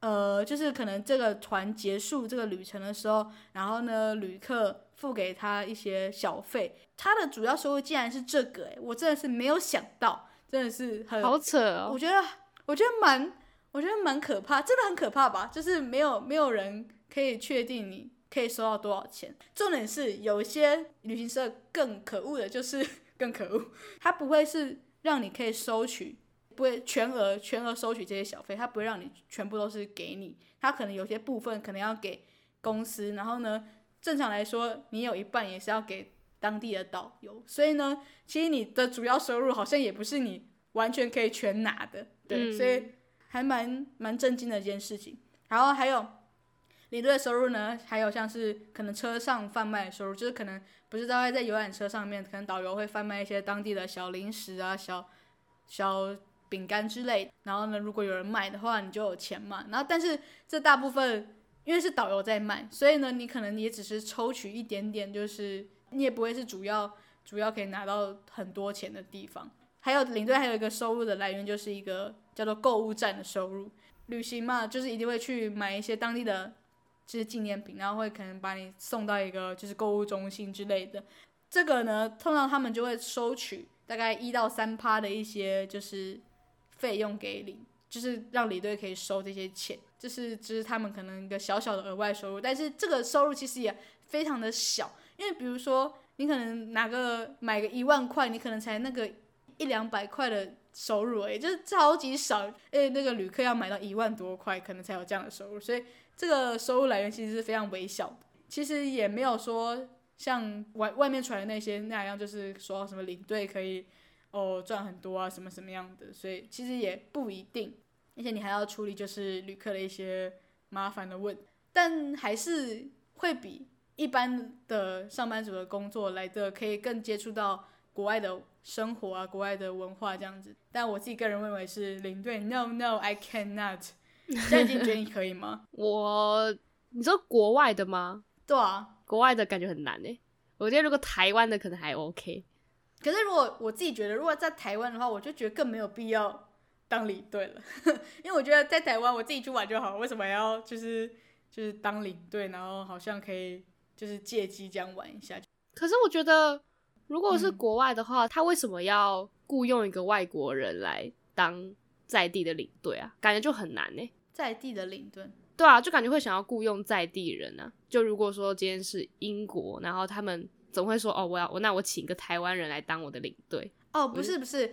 呃，就是可能這個團結束這個旅程的時候，然後呢，旅客付給他一些小費，他的主要收入竟然是這個，誒，我真的是沒有想到，真的是很，好扯哦。我覺得，我覺得蠻，我覺得蠻可怕，真的很可怕吧？就是沒有沒有人可以確定你可以收到多少錢。重點是，有些旅行社更可惡的就是更可惡，他不會是讓你可以收取。不會全額全額收取這些小費，他不會讓你全部都是給你，他可能有些部分可能要給公司，然後呢，正常來說你有一半也是要給當地的導遊，所以呢，其實你的主要收入好像也不是你完全可以全拿的，對，嗯、所以還蠻蠻震驚的一件事情。然後還有領隊的收入呢，還有像是可能車上販賣收入，就是可能不是大概在遊覽車上面，可能導遊會販賣一些當地的小零食啊，小小。餅乾之類的，然後呢，如果有人買的話，你就有錢嘛。然後，但是這大部分因為是導遊在賣，所以呢，你可能也只是抽取一點點，就是你也不會是主要主要可以拿到很多錢的地方。還有領隊還有一個收入的來源，就是一個叫做購物站的收入。旅行嘛，就是一定會去買一些當地的就是紀念品，然後會可能把你送到一個就是購物中心之類的。這個呢，通常他們就會收取大概一到三趴的一些就是。費用給領就是讓領隊可以收這些錢，就是只、就是他們可能一個小小的額外收入，但是這個收入其實也非常的小，因為比如說你可能拿個買個一萬塊，你可能才那個一兩百塊的收入而已，哎，就是超級少，哎，那個旅客要買到一萬多塊，可能才有這樣的收入，所以這個收入來源其實是非常微小的，其實也沒有說像外外面傳的那些那樣，就是說什麼領隊可以，哦，賺很多啊，什麼什麼樣的？所以其實也不一定，而且你還要處理就是旅客的一些麻煩的問題，但還是會比一般的上班族的工作來得可以更接觸到國外的生活啊，國外的文化這樣子。但我自己個人認為是領隊，No No I cannot。現在你覺得你可以嗎？ 我，你說國外的嗎？對啊，國外的感覺很難誒。我覺得如果台灣的可能還 OK。可是，如果我自己覺得，如果在台灣的話，我就覺得更沒有必要當領隊了， 因為我覺得在台灣我自己去玩就好，為什麼要就是就是當領隊，然後好像可以就是借機這樣玩一下？可是我覺得，如果是國外的話，嗯、他為什麼要僱傭一個外國人來當在地的領隊啊？感覺就很難哎、欸，在地的領隊，對啊，就感覺會想要僱傭在地人啊。就如果說今天是英國，然後他們。總會說哦，我要那我請一個台灣人來當我的領隊哦，不是不是，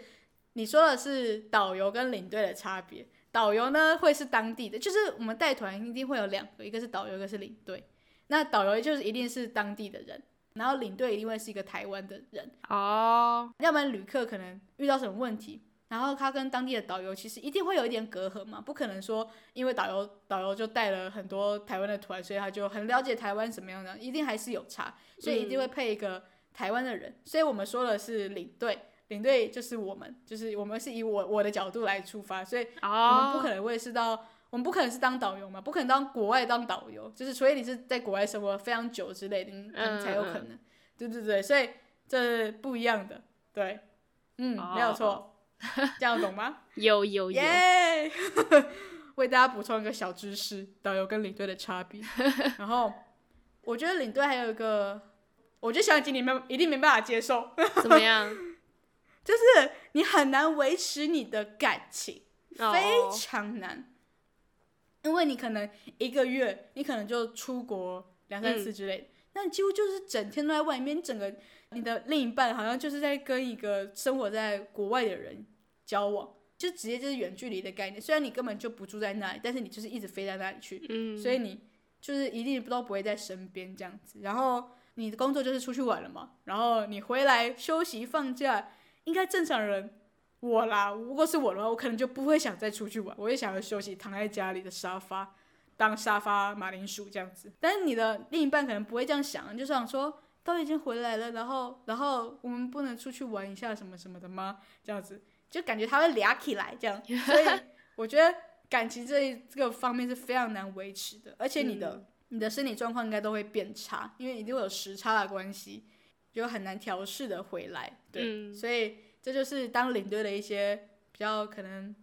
你說的是導遊跟領隊的差別。導遊呢會是當地的，就是我們帶團一定會有兩個，一個是導遊，一個是領隊。那導遊就是一定是當地的人，然後領隊一定會是一個台灣的人哦，要不然旅客可能遇到什麼問題。然後他跟當地的導遊其實一定會有一點隔閡嘛，不可能說，因為導遊導遊就帶了很多台灣的團，所以他就很了解台灣怎麼樣的，一定還是有差，所以一定會配一個台灣的人、嗯。所以我們說的是領隊，領隊就是我們，就是我們是以我我的角度來出發，所以我們不可能會是到、oh. 我們不可能是當導遊嘛，不可能當國外當導遊，就是除非你是在國外生活非常久之類的，你才有可能、嗯嗯。對對對，所以這不一樣的，對，嗯，oh. 沒有錯。 這樣懂嗎？有 有有，有有 yeah! 為大家補充一個小知識：導遊跟領隊的差別。 然後，我覺得領隊還有一個，我覺得小你們一定沒辦法接受， 怎麼樣？就是你很難維持你的感情，oh. 非常難，因為你可能一個月，你可能就出國兩三次之類的。嗯那你幾乎就是整天都在外面，你整個你的另一半好像就是在跟一個生活在國外的人交往，就直接就是遠距離的概念。雖然你根本就不住在那裡，但是你就是一直飛在那裡去，所以你就是一定都不會在身邊這樣子。然後你的工作就是出去玩了嘛，然後你回來休息放假，應該正常人我啦，如果是我的話，我可能就不會想再出去玩，我也想要休息，躺在家裡的沙發。當沙發馬鈴薯這樣子，但是你的另一半可能不會這樣想，就是、想說都已經回來了，然後然後我們不能出去玩一下什麼什麼的嗎？這樣子就感覺他會倆起來這樣， 所以我覺得感情這這個方面是非常難維持的，而且你的、嗯、你的身體狀況應該都會變差，因為一定會有時差的關係，就很難調適的回來。對、嗯，所以這就是當領隊的一些比較可能。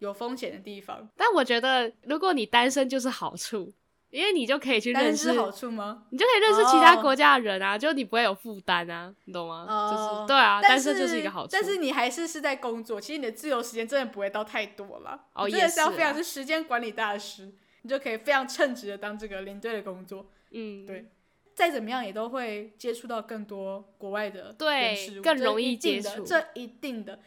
有風險的地方，但我覺得如果你單身就是好處，因為你就可以去認識好處嗎？你就可以認識其他國家的人啊，oh. 就你不會有負擔啊，你懂嗎？Oh. 就是對啊是，單身就是一個好處。但是你還是是在工作，其實你的自由時間真的不會到太多了。哦、oh, 也是。真非常是時間管理大師、啊，你就可以非常稱職的當這個領隊的工作。嗯，對。再怎麼樣也都會接觸到更多國外的，對，更容易接觸。這一定的。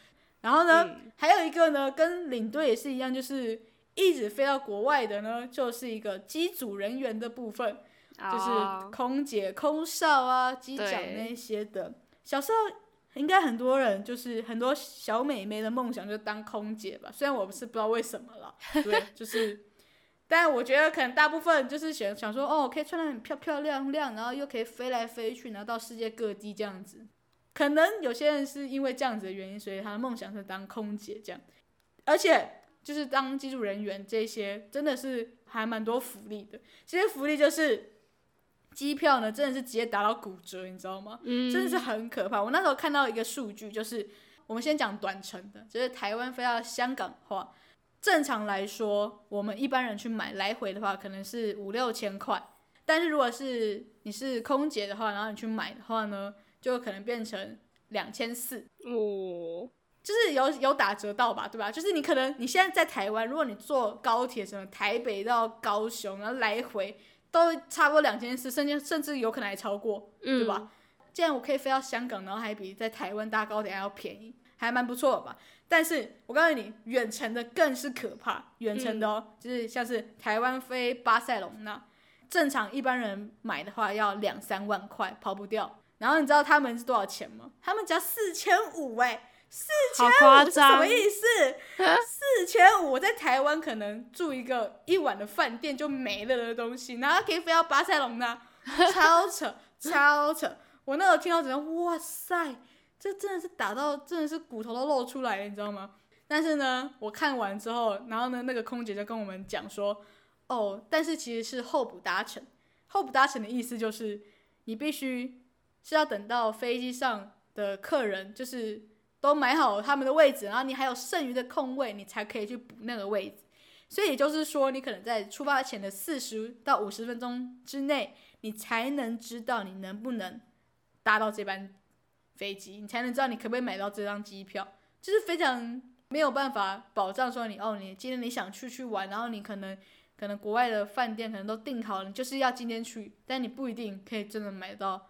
然後呢、嗯，還有一個呢，跟領隊也是一樣，就是一直飛到國外的呢，就是一個機組人員的部分、哦，就是空姐、空少啊、機長那些的。小時候應該很多人就是很多小美眉的夢想就當空姐吧，雖然我是不知道為什麼了、嗯，對，就是， 但我覺得可能大部分就是想想說，哦，可以穿得很漂漂亮亮，然後又可以飛來飛去，然後到世界各地這樣子。可能有些人是因為這樣子的原因，所以他的夢想是當空姐這樣，而且就是當機組人員這些，真的是還蠻多福利的。其實福利就是機票呢，真的是直接打到骨折，你知道嗎？嗯，真的是很可怕。我那時候看到一個數據，就是我們先講短程的，就是台灣飛到香港的話，正常來說，我們一般人去買來回的話，可能是五六千塊，但是如果是你是空姐的話，然後你去買的話呢？就可能變成兩千四哦，oh. 就是有有打折到吧，對吧？就是你可能你現在在台灣，如果你坐高鐵什麼台北到高雄，然後來回都差不多兩千四，甚至甚至有可能還超過，嗯，對吧？既然我可以飛到香港，然後還比在台灣搭高鐵還要便宜，還蠻不錯的吧？但是我告訴你，遠程的更是可怕，遠程的哦，嗯、就是像是台灣飛巴塞隆那，正常一般人買的話要兩三萬塊，跑不掉。然後你知道他們是多少錢嗎？他們只要四千五哎，四千五什麼意思？四千五我在台灣可能住一個一晚的飯店就沒了的東西，然後可以飛到巴塞隆那、啊？超扯， 超扯！我那時候聽到直接哇塞，這真的是打到真的是骨頭都露出來了，你知道嗎？但是呢，我看完之後，然後呢，那個空姐就跟我們講說，哦，但是其實是候補搭乘，候補搭乘的意思就是你必須。是要等到飛機上的客人就是都買好他們的位置，然後你還有剩餘的空位，你才可以去補那個位置。所以也就是說，你可能在出發前的四十到五十分鐘之內，你才能知道你能不能搭到這班飛機，你才能知道你可不可以買到這張機票。就是非常沒有辦法保障說你哦，你今天你想出去玩，然後你可能可能國外的飯店可能都訂好了，你就是要今天去，但你不一定可以真的買到。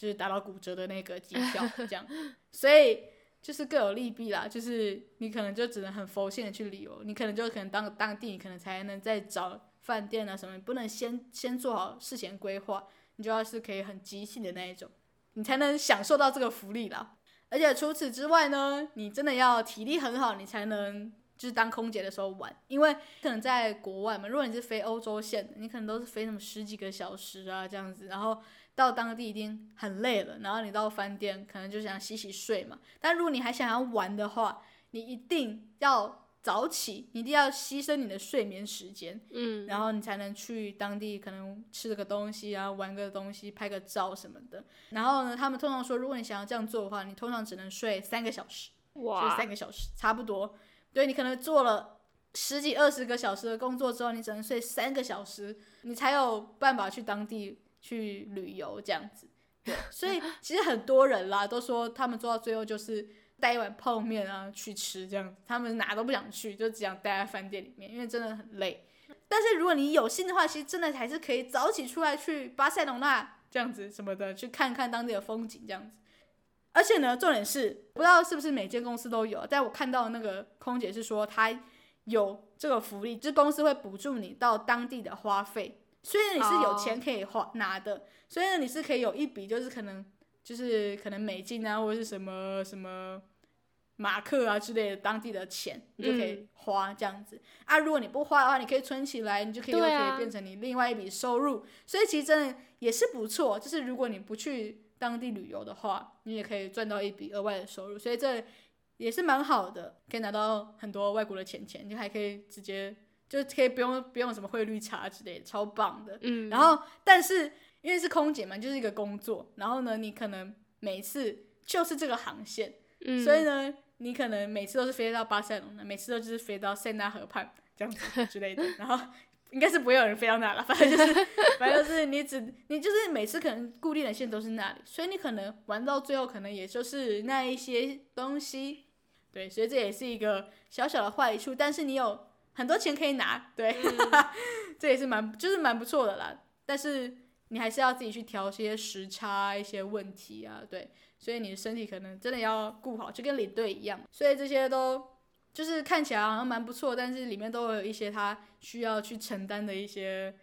就是打到骨折的那個機票這樣， 所以就是各有利弊啦。就是你可能就只能很佛系的去旅遊，你可能就可能當當地你可能才能再找飯店啊什麼，你不能先先做好事前規劃，你就要是可以很即興的那一種，你才能享受到這個福利啦。而且除此之外呢，你真的要體力很好，你才能就是當空姐的時候玩，因為可能在國外嘛，如果你是飛歐洲線，你可能都是飛什麼十幾個小時啊這樣子，然後。到當地已經很累了，然後你到飯店可能就想洗洗睡嘛。但如果你還想要玩的話，你一定要早起，你一定要犧牲你的睡眠時間，嗯，然後你才能去當地可能吃個東西啊，玩個東西，拍個照什麼的。然後呢，他們通常說，如果你想要這樣做的話，你通常只能睡三個小時，哇，就是三個小時，差不多。對，你可能做了十幾二十個小時的工作之後，你只能睡三個小時，你才有辦法去當地。去旅遊這樣子，所以其實很多人啦都說他們做到最後就是帶一碗泡麵啊去吃這樣，他們哪都不想去，就只想待在飯店裡面，因為真的很累。但是如果你有心的話，其實真的還是可以早起出來去巴塞隆納這樣子什麼的，去看看當地的風景這樣子。而且呢，重點是不知道是不是每間公司都有，但我看到那個空姐是說她有這個福利，就是公司會補助你到當地的花費。雖然你是有錢可以花，oh. 拿的，雖然你是可以有一筆就是可能就是可能美金啊或者是什麼什麼馬克啊之類的當地的錢，你就可以花這樣子，嗯。啊，如果你不花的話，你可以存起來，你就可以就可以變成你另外一筆收入，啊。所以其實真的也是不錯，就是如果你不去當地旅遊的話，你也可以賺到一筆額外的收入。所以這也是蠻好的，可以拿到很多外國的錢錢，你還可以直接。就可以不用不用什麼匯率差之類的，超棒的。嗯，然後但是因為是空姐嘛，就是一個工作。然後呢，你可能每次就是這個航線，嗯，所以呢，你可能每次都是飛到巴塞羅那，每次都就是飛到塞納河畔這樣子之類的。 然後應該是不會有人飛到那了，反正就是反正就是你只你就是每次可能固定的線都是那裡，所以你可能玩到最後可能也就是那一些東西。對，所以這也是一個小小的壞處，但是你有。很多錢可以拿，對，嗯、 這也是蠻就是蠻不錯的啦。但是你還是要自己去調些時差一些問題啊，對。所以你的身體可能真的要顧好，就跟領隊一樣。所以這些都就是看起來好像蠻不錯，但是裡面都有一些他需要去承擔的一些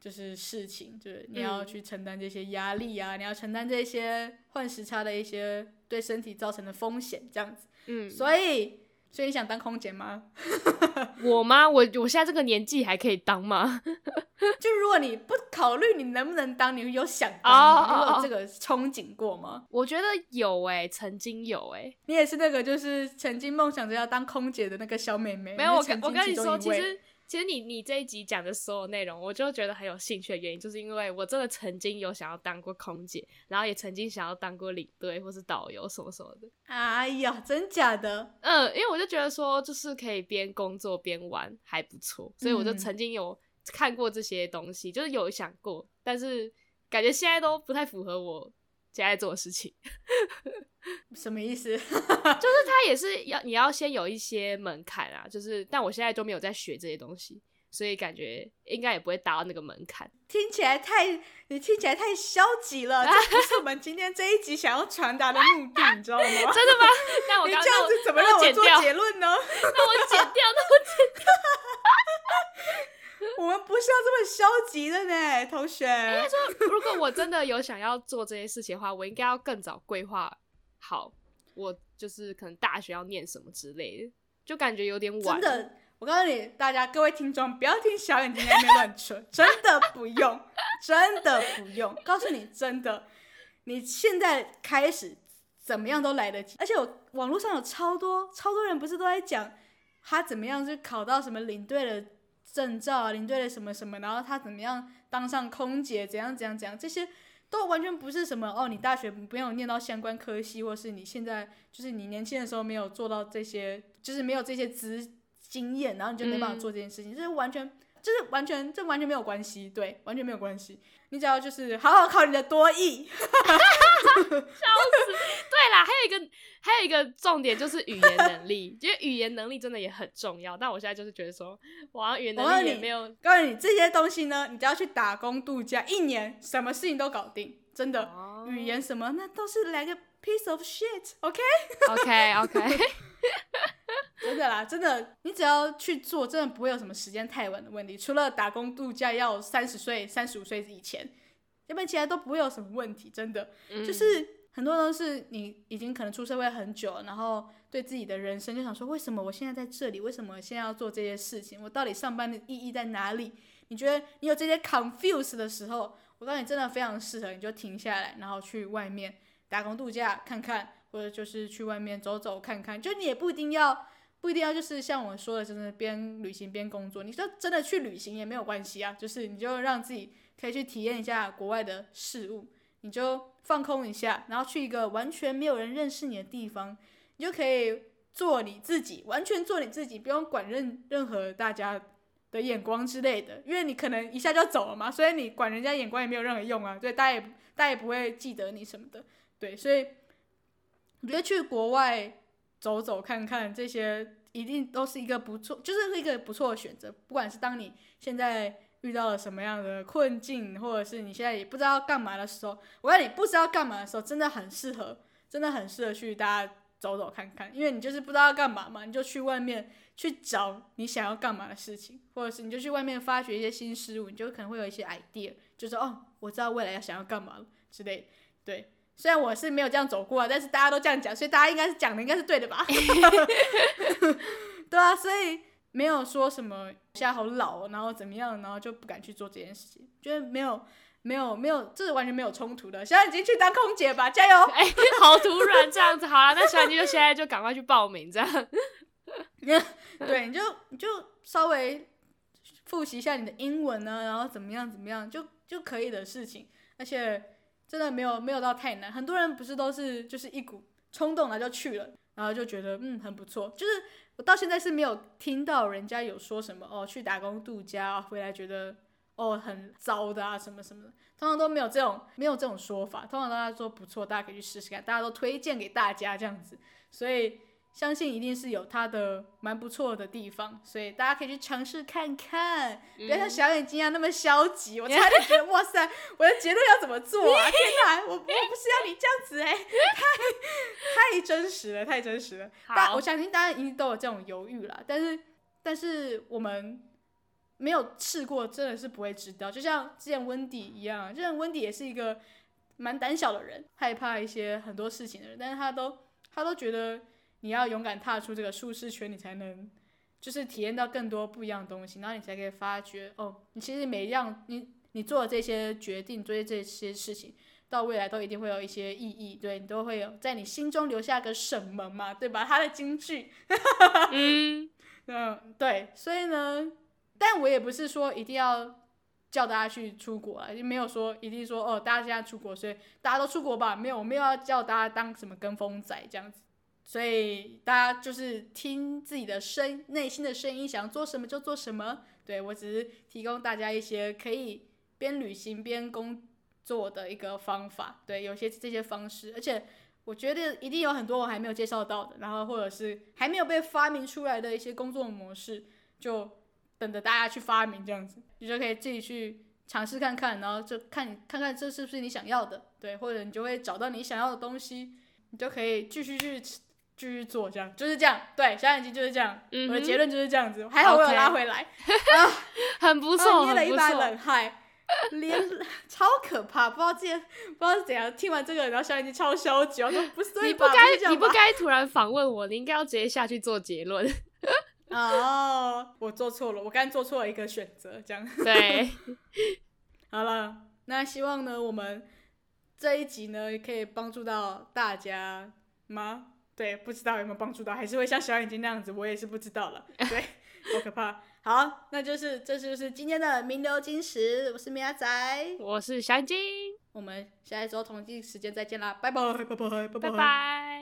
就是事情，就是你要去承擔這些壓力啊、嗯，你要承擔這些換時差的一些對身體造成的風險這樣子。嗯，所以。所以你想當空姐嗎？ 我嗎？我我現在這個年紀還可以當嗎？ 就如果你不考慮你能不能當，你有想當？Oh, oh, oh. 有這個憧憬過嗎？我覺得有哎、欸，曾經有哎、欸，你也是那個就是曾經夢想着要當空姐的那個小妹妹。沒有，我我跟你說，其實。其實你你這一集講的所有內容，我就覺得很有興趣的原因，就是因為我真的曾經有想要當過空姐，然後也曾經想要當過領隊或是導遊什麼什麼的。哎呀，真假的？嗯，因為我就覺得說，就是可以邊工作邊玩，還不錯，所以我就曾經有看過這些東西，嗯、就是有想過，但是感覺現在都不太符合我。現在，在做的事情 什麼意思？ 就是他也是要你要先有一些門檻啊，就是但我現在就沒有在學這些東西，所以感覺應該也不會達到那個門檻。聽起來太你聽起來太消極了， 這不是我們今天這一集想要傳達的目的， 你知道嗎？ 真的嗎？我剛剛那我這樣子怎麼讓我，我，我做結論呢？ 那我剪掉，那我剪掉。 我們不是要這麼消極的呢，同學。如果我真的有想要做這些事情的話， 我應該要更早規劃好。我就是可能大學要念什麼之類的，就感覺有點晚。真的，我告訴你，大家各位聽眾，不要聽小眼睛在那邊亂說， 真的不用，真的不用。告訴你，真的，你現在開始怎麼樣都來得及。 而且我網絡上有超多超多人，不是都在講他怎麼樣就考到什麼領隊的。證照啊，領隊的什麼什麼，然後他怎麼樣當上空姐，怎樣怎樣怎樣，這些都完全不是什麼哦，你大學沒有念到相關科系，或是你現在就是你年輕的時候沒有做到這些，就是沒有這些資經驗，然後你就沒辦法做這件事情，嗯、就是完全。就是完全，這完全沒有關係，對，完全沒有關係。你只要就是好好考你的多益,， 笑死。對啦，還有一個，還有一個重點就是語言能力，其實語言能力真的也很重要。但我現在就是覺得說，我語言能力也沒有。告訴你這些東西呢，你只要去打工度假一年，什麼事情都搞定，真的。哦、語言什麼，那都是來個 piece of shit，OK？OK，OK、okay? okay, okay. 真的啦，真的，你只要去做，真的不會有什麼時間太晚的問題，除了打工度假要三十歲、三十五歲以前，要不然其他都不會有什麼問題。真的、嗯，就是很多都是你已經可能出社會很久，然後對自己的人生就想說，為什麼我現在在這裡？為什麼我現在要做這些事情？我到底上班的意義在哪裡？你覺得你有這些 confuse 的時候，我告訴你，真的非常適合，你就停下來，然後去外面打工度假看看，或者就是去外面走走看看，就你也不一定要。不一定要就是像我說的，就是邊旅行邊工作。你說真的去旅行也沒有關係啊，就是你就讓自己可以去體驗一下國外的事物，你就放空一下，然後去一個完全沒有人認識你的地方，你就可以做你自己，完全做你自己，不用管任任何大家的眼光之類的。因為你可能一下就走了嘛，所以你管人家眼光也沒有任何用啊。所以大家也大家也不會記得你什麼的。對，所以我覺得去國外。走走看看，這些一定都是一個不錯，就是一個不錯的選擇。不管是當你現在遇到了什麼樣的困境，或者是你現在也不知道幹嘛的時候，我要你，不知道幹嘛的時候，真的很適合，真的很適合去大家走走看看。因為你就是不知道幹嘛嘛，你就去外面去找你想要幹嘛的事情，或者是你就去外面發掘一些新事物，你就可能會有一些 idea，就是哦，我知道未來要想要幹嘛了之類的，對。雖然我是沒有這樣走過啊，但是大家都這樣講，所以大家應該是講的應該是對的吧？ 對啊，所以沒有說什麼現在好老，然後怎麼樣，然後就不敢去做這件事情，就是沒有沒有沒有，這、就是完全沒有衝突的。小眼睛去當空姐吧，加油！哎、欸、好突然， 這樣子，好了、啊，那小眼睛就現在就趕快去報名這樣。 對，你就你就稍微複習一下你的英文呢、啊，然後怎麼樣怎麼樣，就就可以的事情，而且。真的沒有沒有到太難，很多人不是都是就是一股衝動了就去了，然後就覺得嗯，很不錯，就是我到現在是沒有聽到人家有說什麼哦去打工度假、啊、回來覺得哦很糟的啊什麼什麼的，通常都沒有這種沒有這種說法，通常大家說不錯，大家可以去試試看，大家都推薦給大家這樣子，所以。相信一定是有他的蠻不錯的地方，所以大家可以去嘗試看看，嗯，不要像小眼睛一、啊、樣那麼消極。我差點覺得，哇塞，我的結論要怎麼做啊？ 天哪，我我不是要你這樣子哎，欸， 太，太真實了，太真實了。好，大我相信大家一定都有這種猶豫了，但是但是我們沒有試過，真的是不會知道。就像之前溫迪一樣，就像溫迪也是一個蠻膽小的人，害怕一些很多事情的人，但是他都他都覺得。你要勇敢踏出這個舒適圈，你才能就是體驗到更多不一樣的東西，然後你才可以發覺哦，你其實每一樣你你做的這些決定，做這些事情，到未來都一定會有一些意義，對你都會有在你心中留下個什麼嘛，對吧？他的京劇， 嗯，嗯，對，所以呢，但我也不是說一定要叫大家去出國啊，就沒有說一定說哦，大家現在出國，所以大家都出國吧，沒有，我沒有要叫大家當什麼跟風仔這樣子。所以大家就是聽自己的聲音，內心的聲音，想要做什麼就做什麼。對，我只是提供大家一些可以邊旅行邊工作的一個方法。對，有些這些方式，而且我覺得一定有很多我還沒有介紹到的，然後或者是還沒有被發明出來的一些工作模式，就等着大家去發明這樣子。你就可以自己去嘗試看看，然後就看看看這是不是你想要的，對，或者你就會找到你想要的東西，你就可以繼續去。繼續做這樣，就是這樣。對，小眼睛就是這樣。Mm-hmm. 我的結論就是這樣子，okay. 還好我有拉回來、 啊，很不錯。啊、捏了一把冷汗，臉 超可怕，不知道今天不知道是怎樣。聽完這個，然後小眼睛超消極，我說不對吧？你不該你,你不該突然訪問我，你應該要直接下去做結論。哦 、oh,，我做錯了，我剛做錯了一個選擇，這樣。 對，好了，那希望呢，我們這一集呢，可以幫助到大家嗎？對，不知道有沒有幫助到，還是會像小眼睛那樣子，我也是不知道了。對， 好可怕。好，那就是這就是今天的名流金石，我是米阿仔，我是小眼睛，我們下一周同一時間再見啦，拜拜拜拜、拜拜，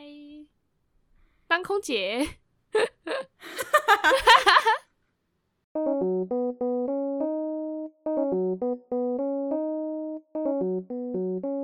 當空姐。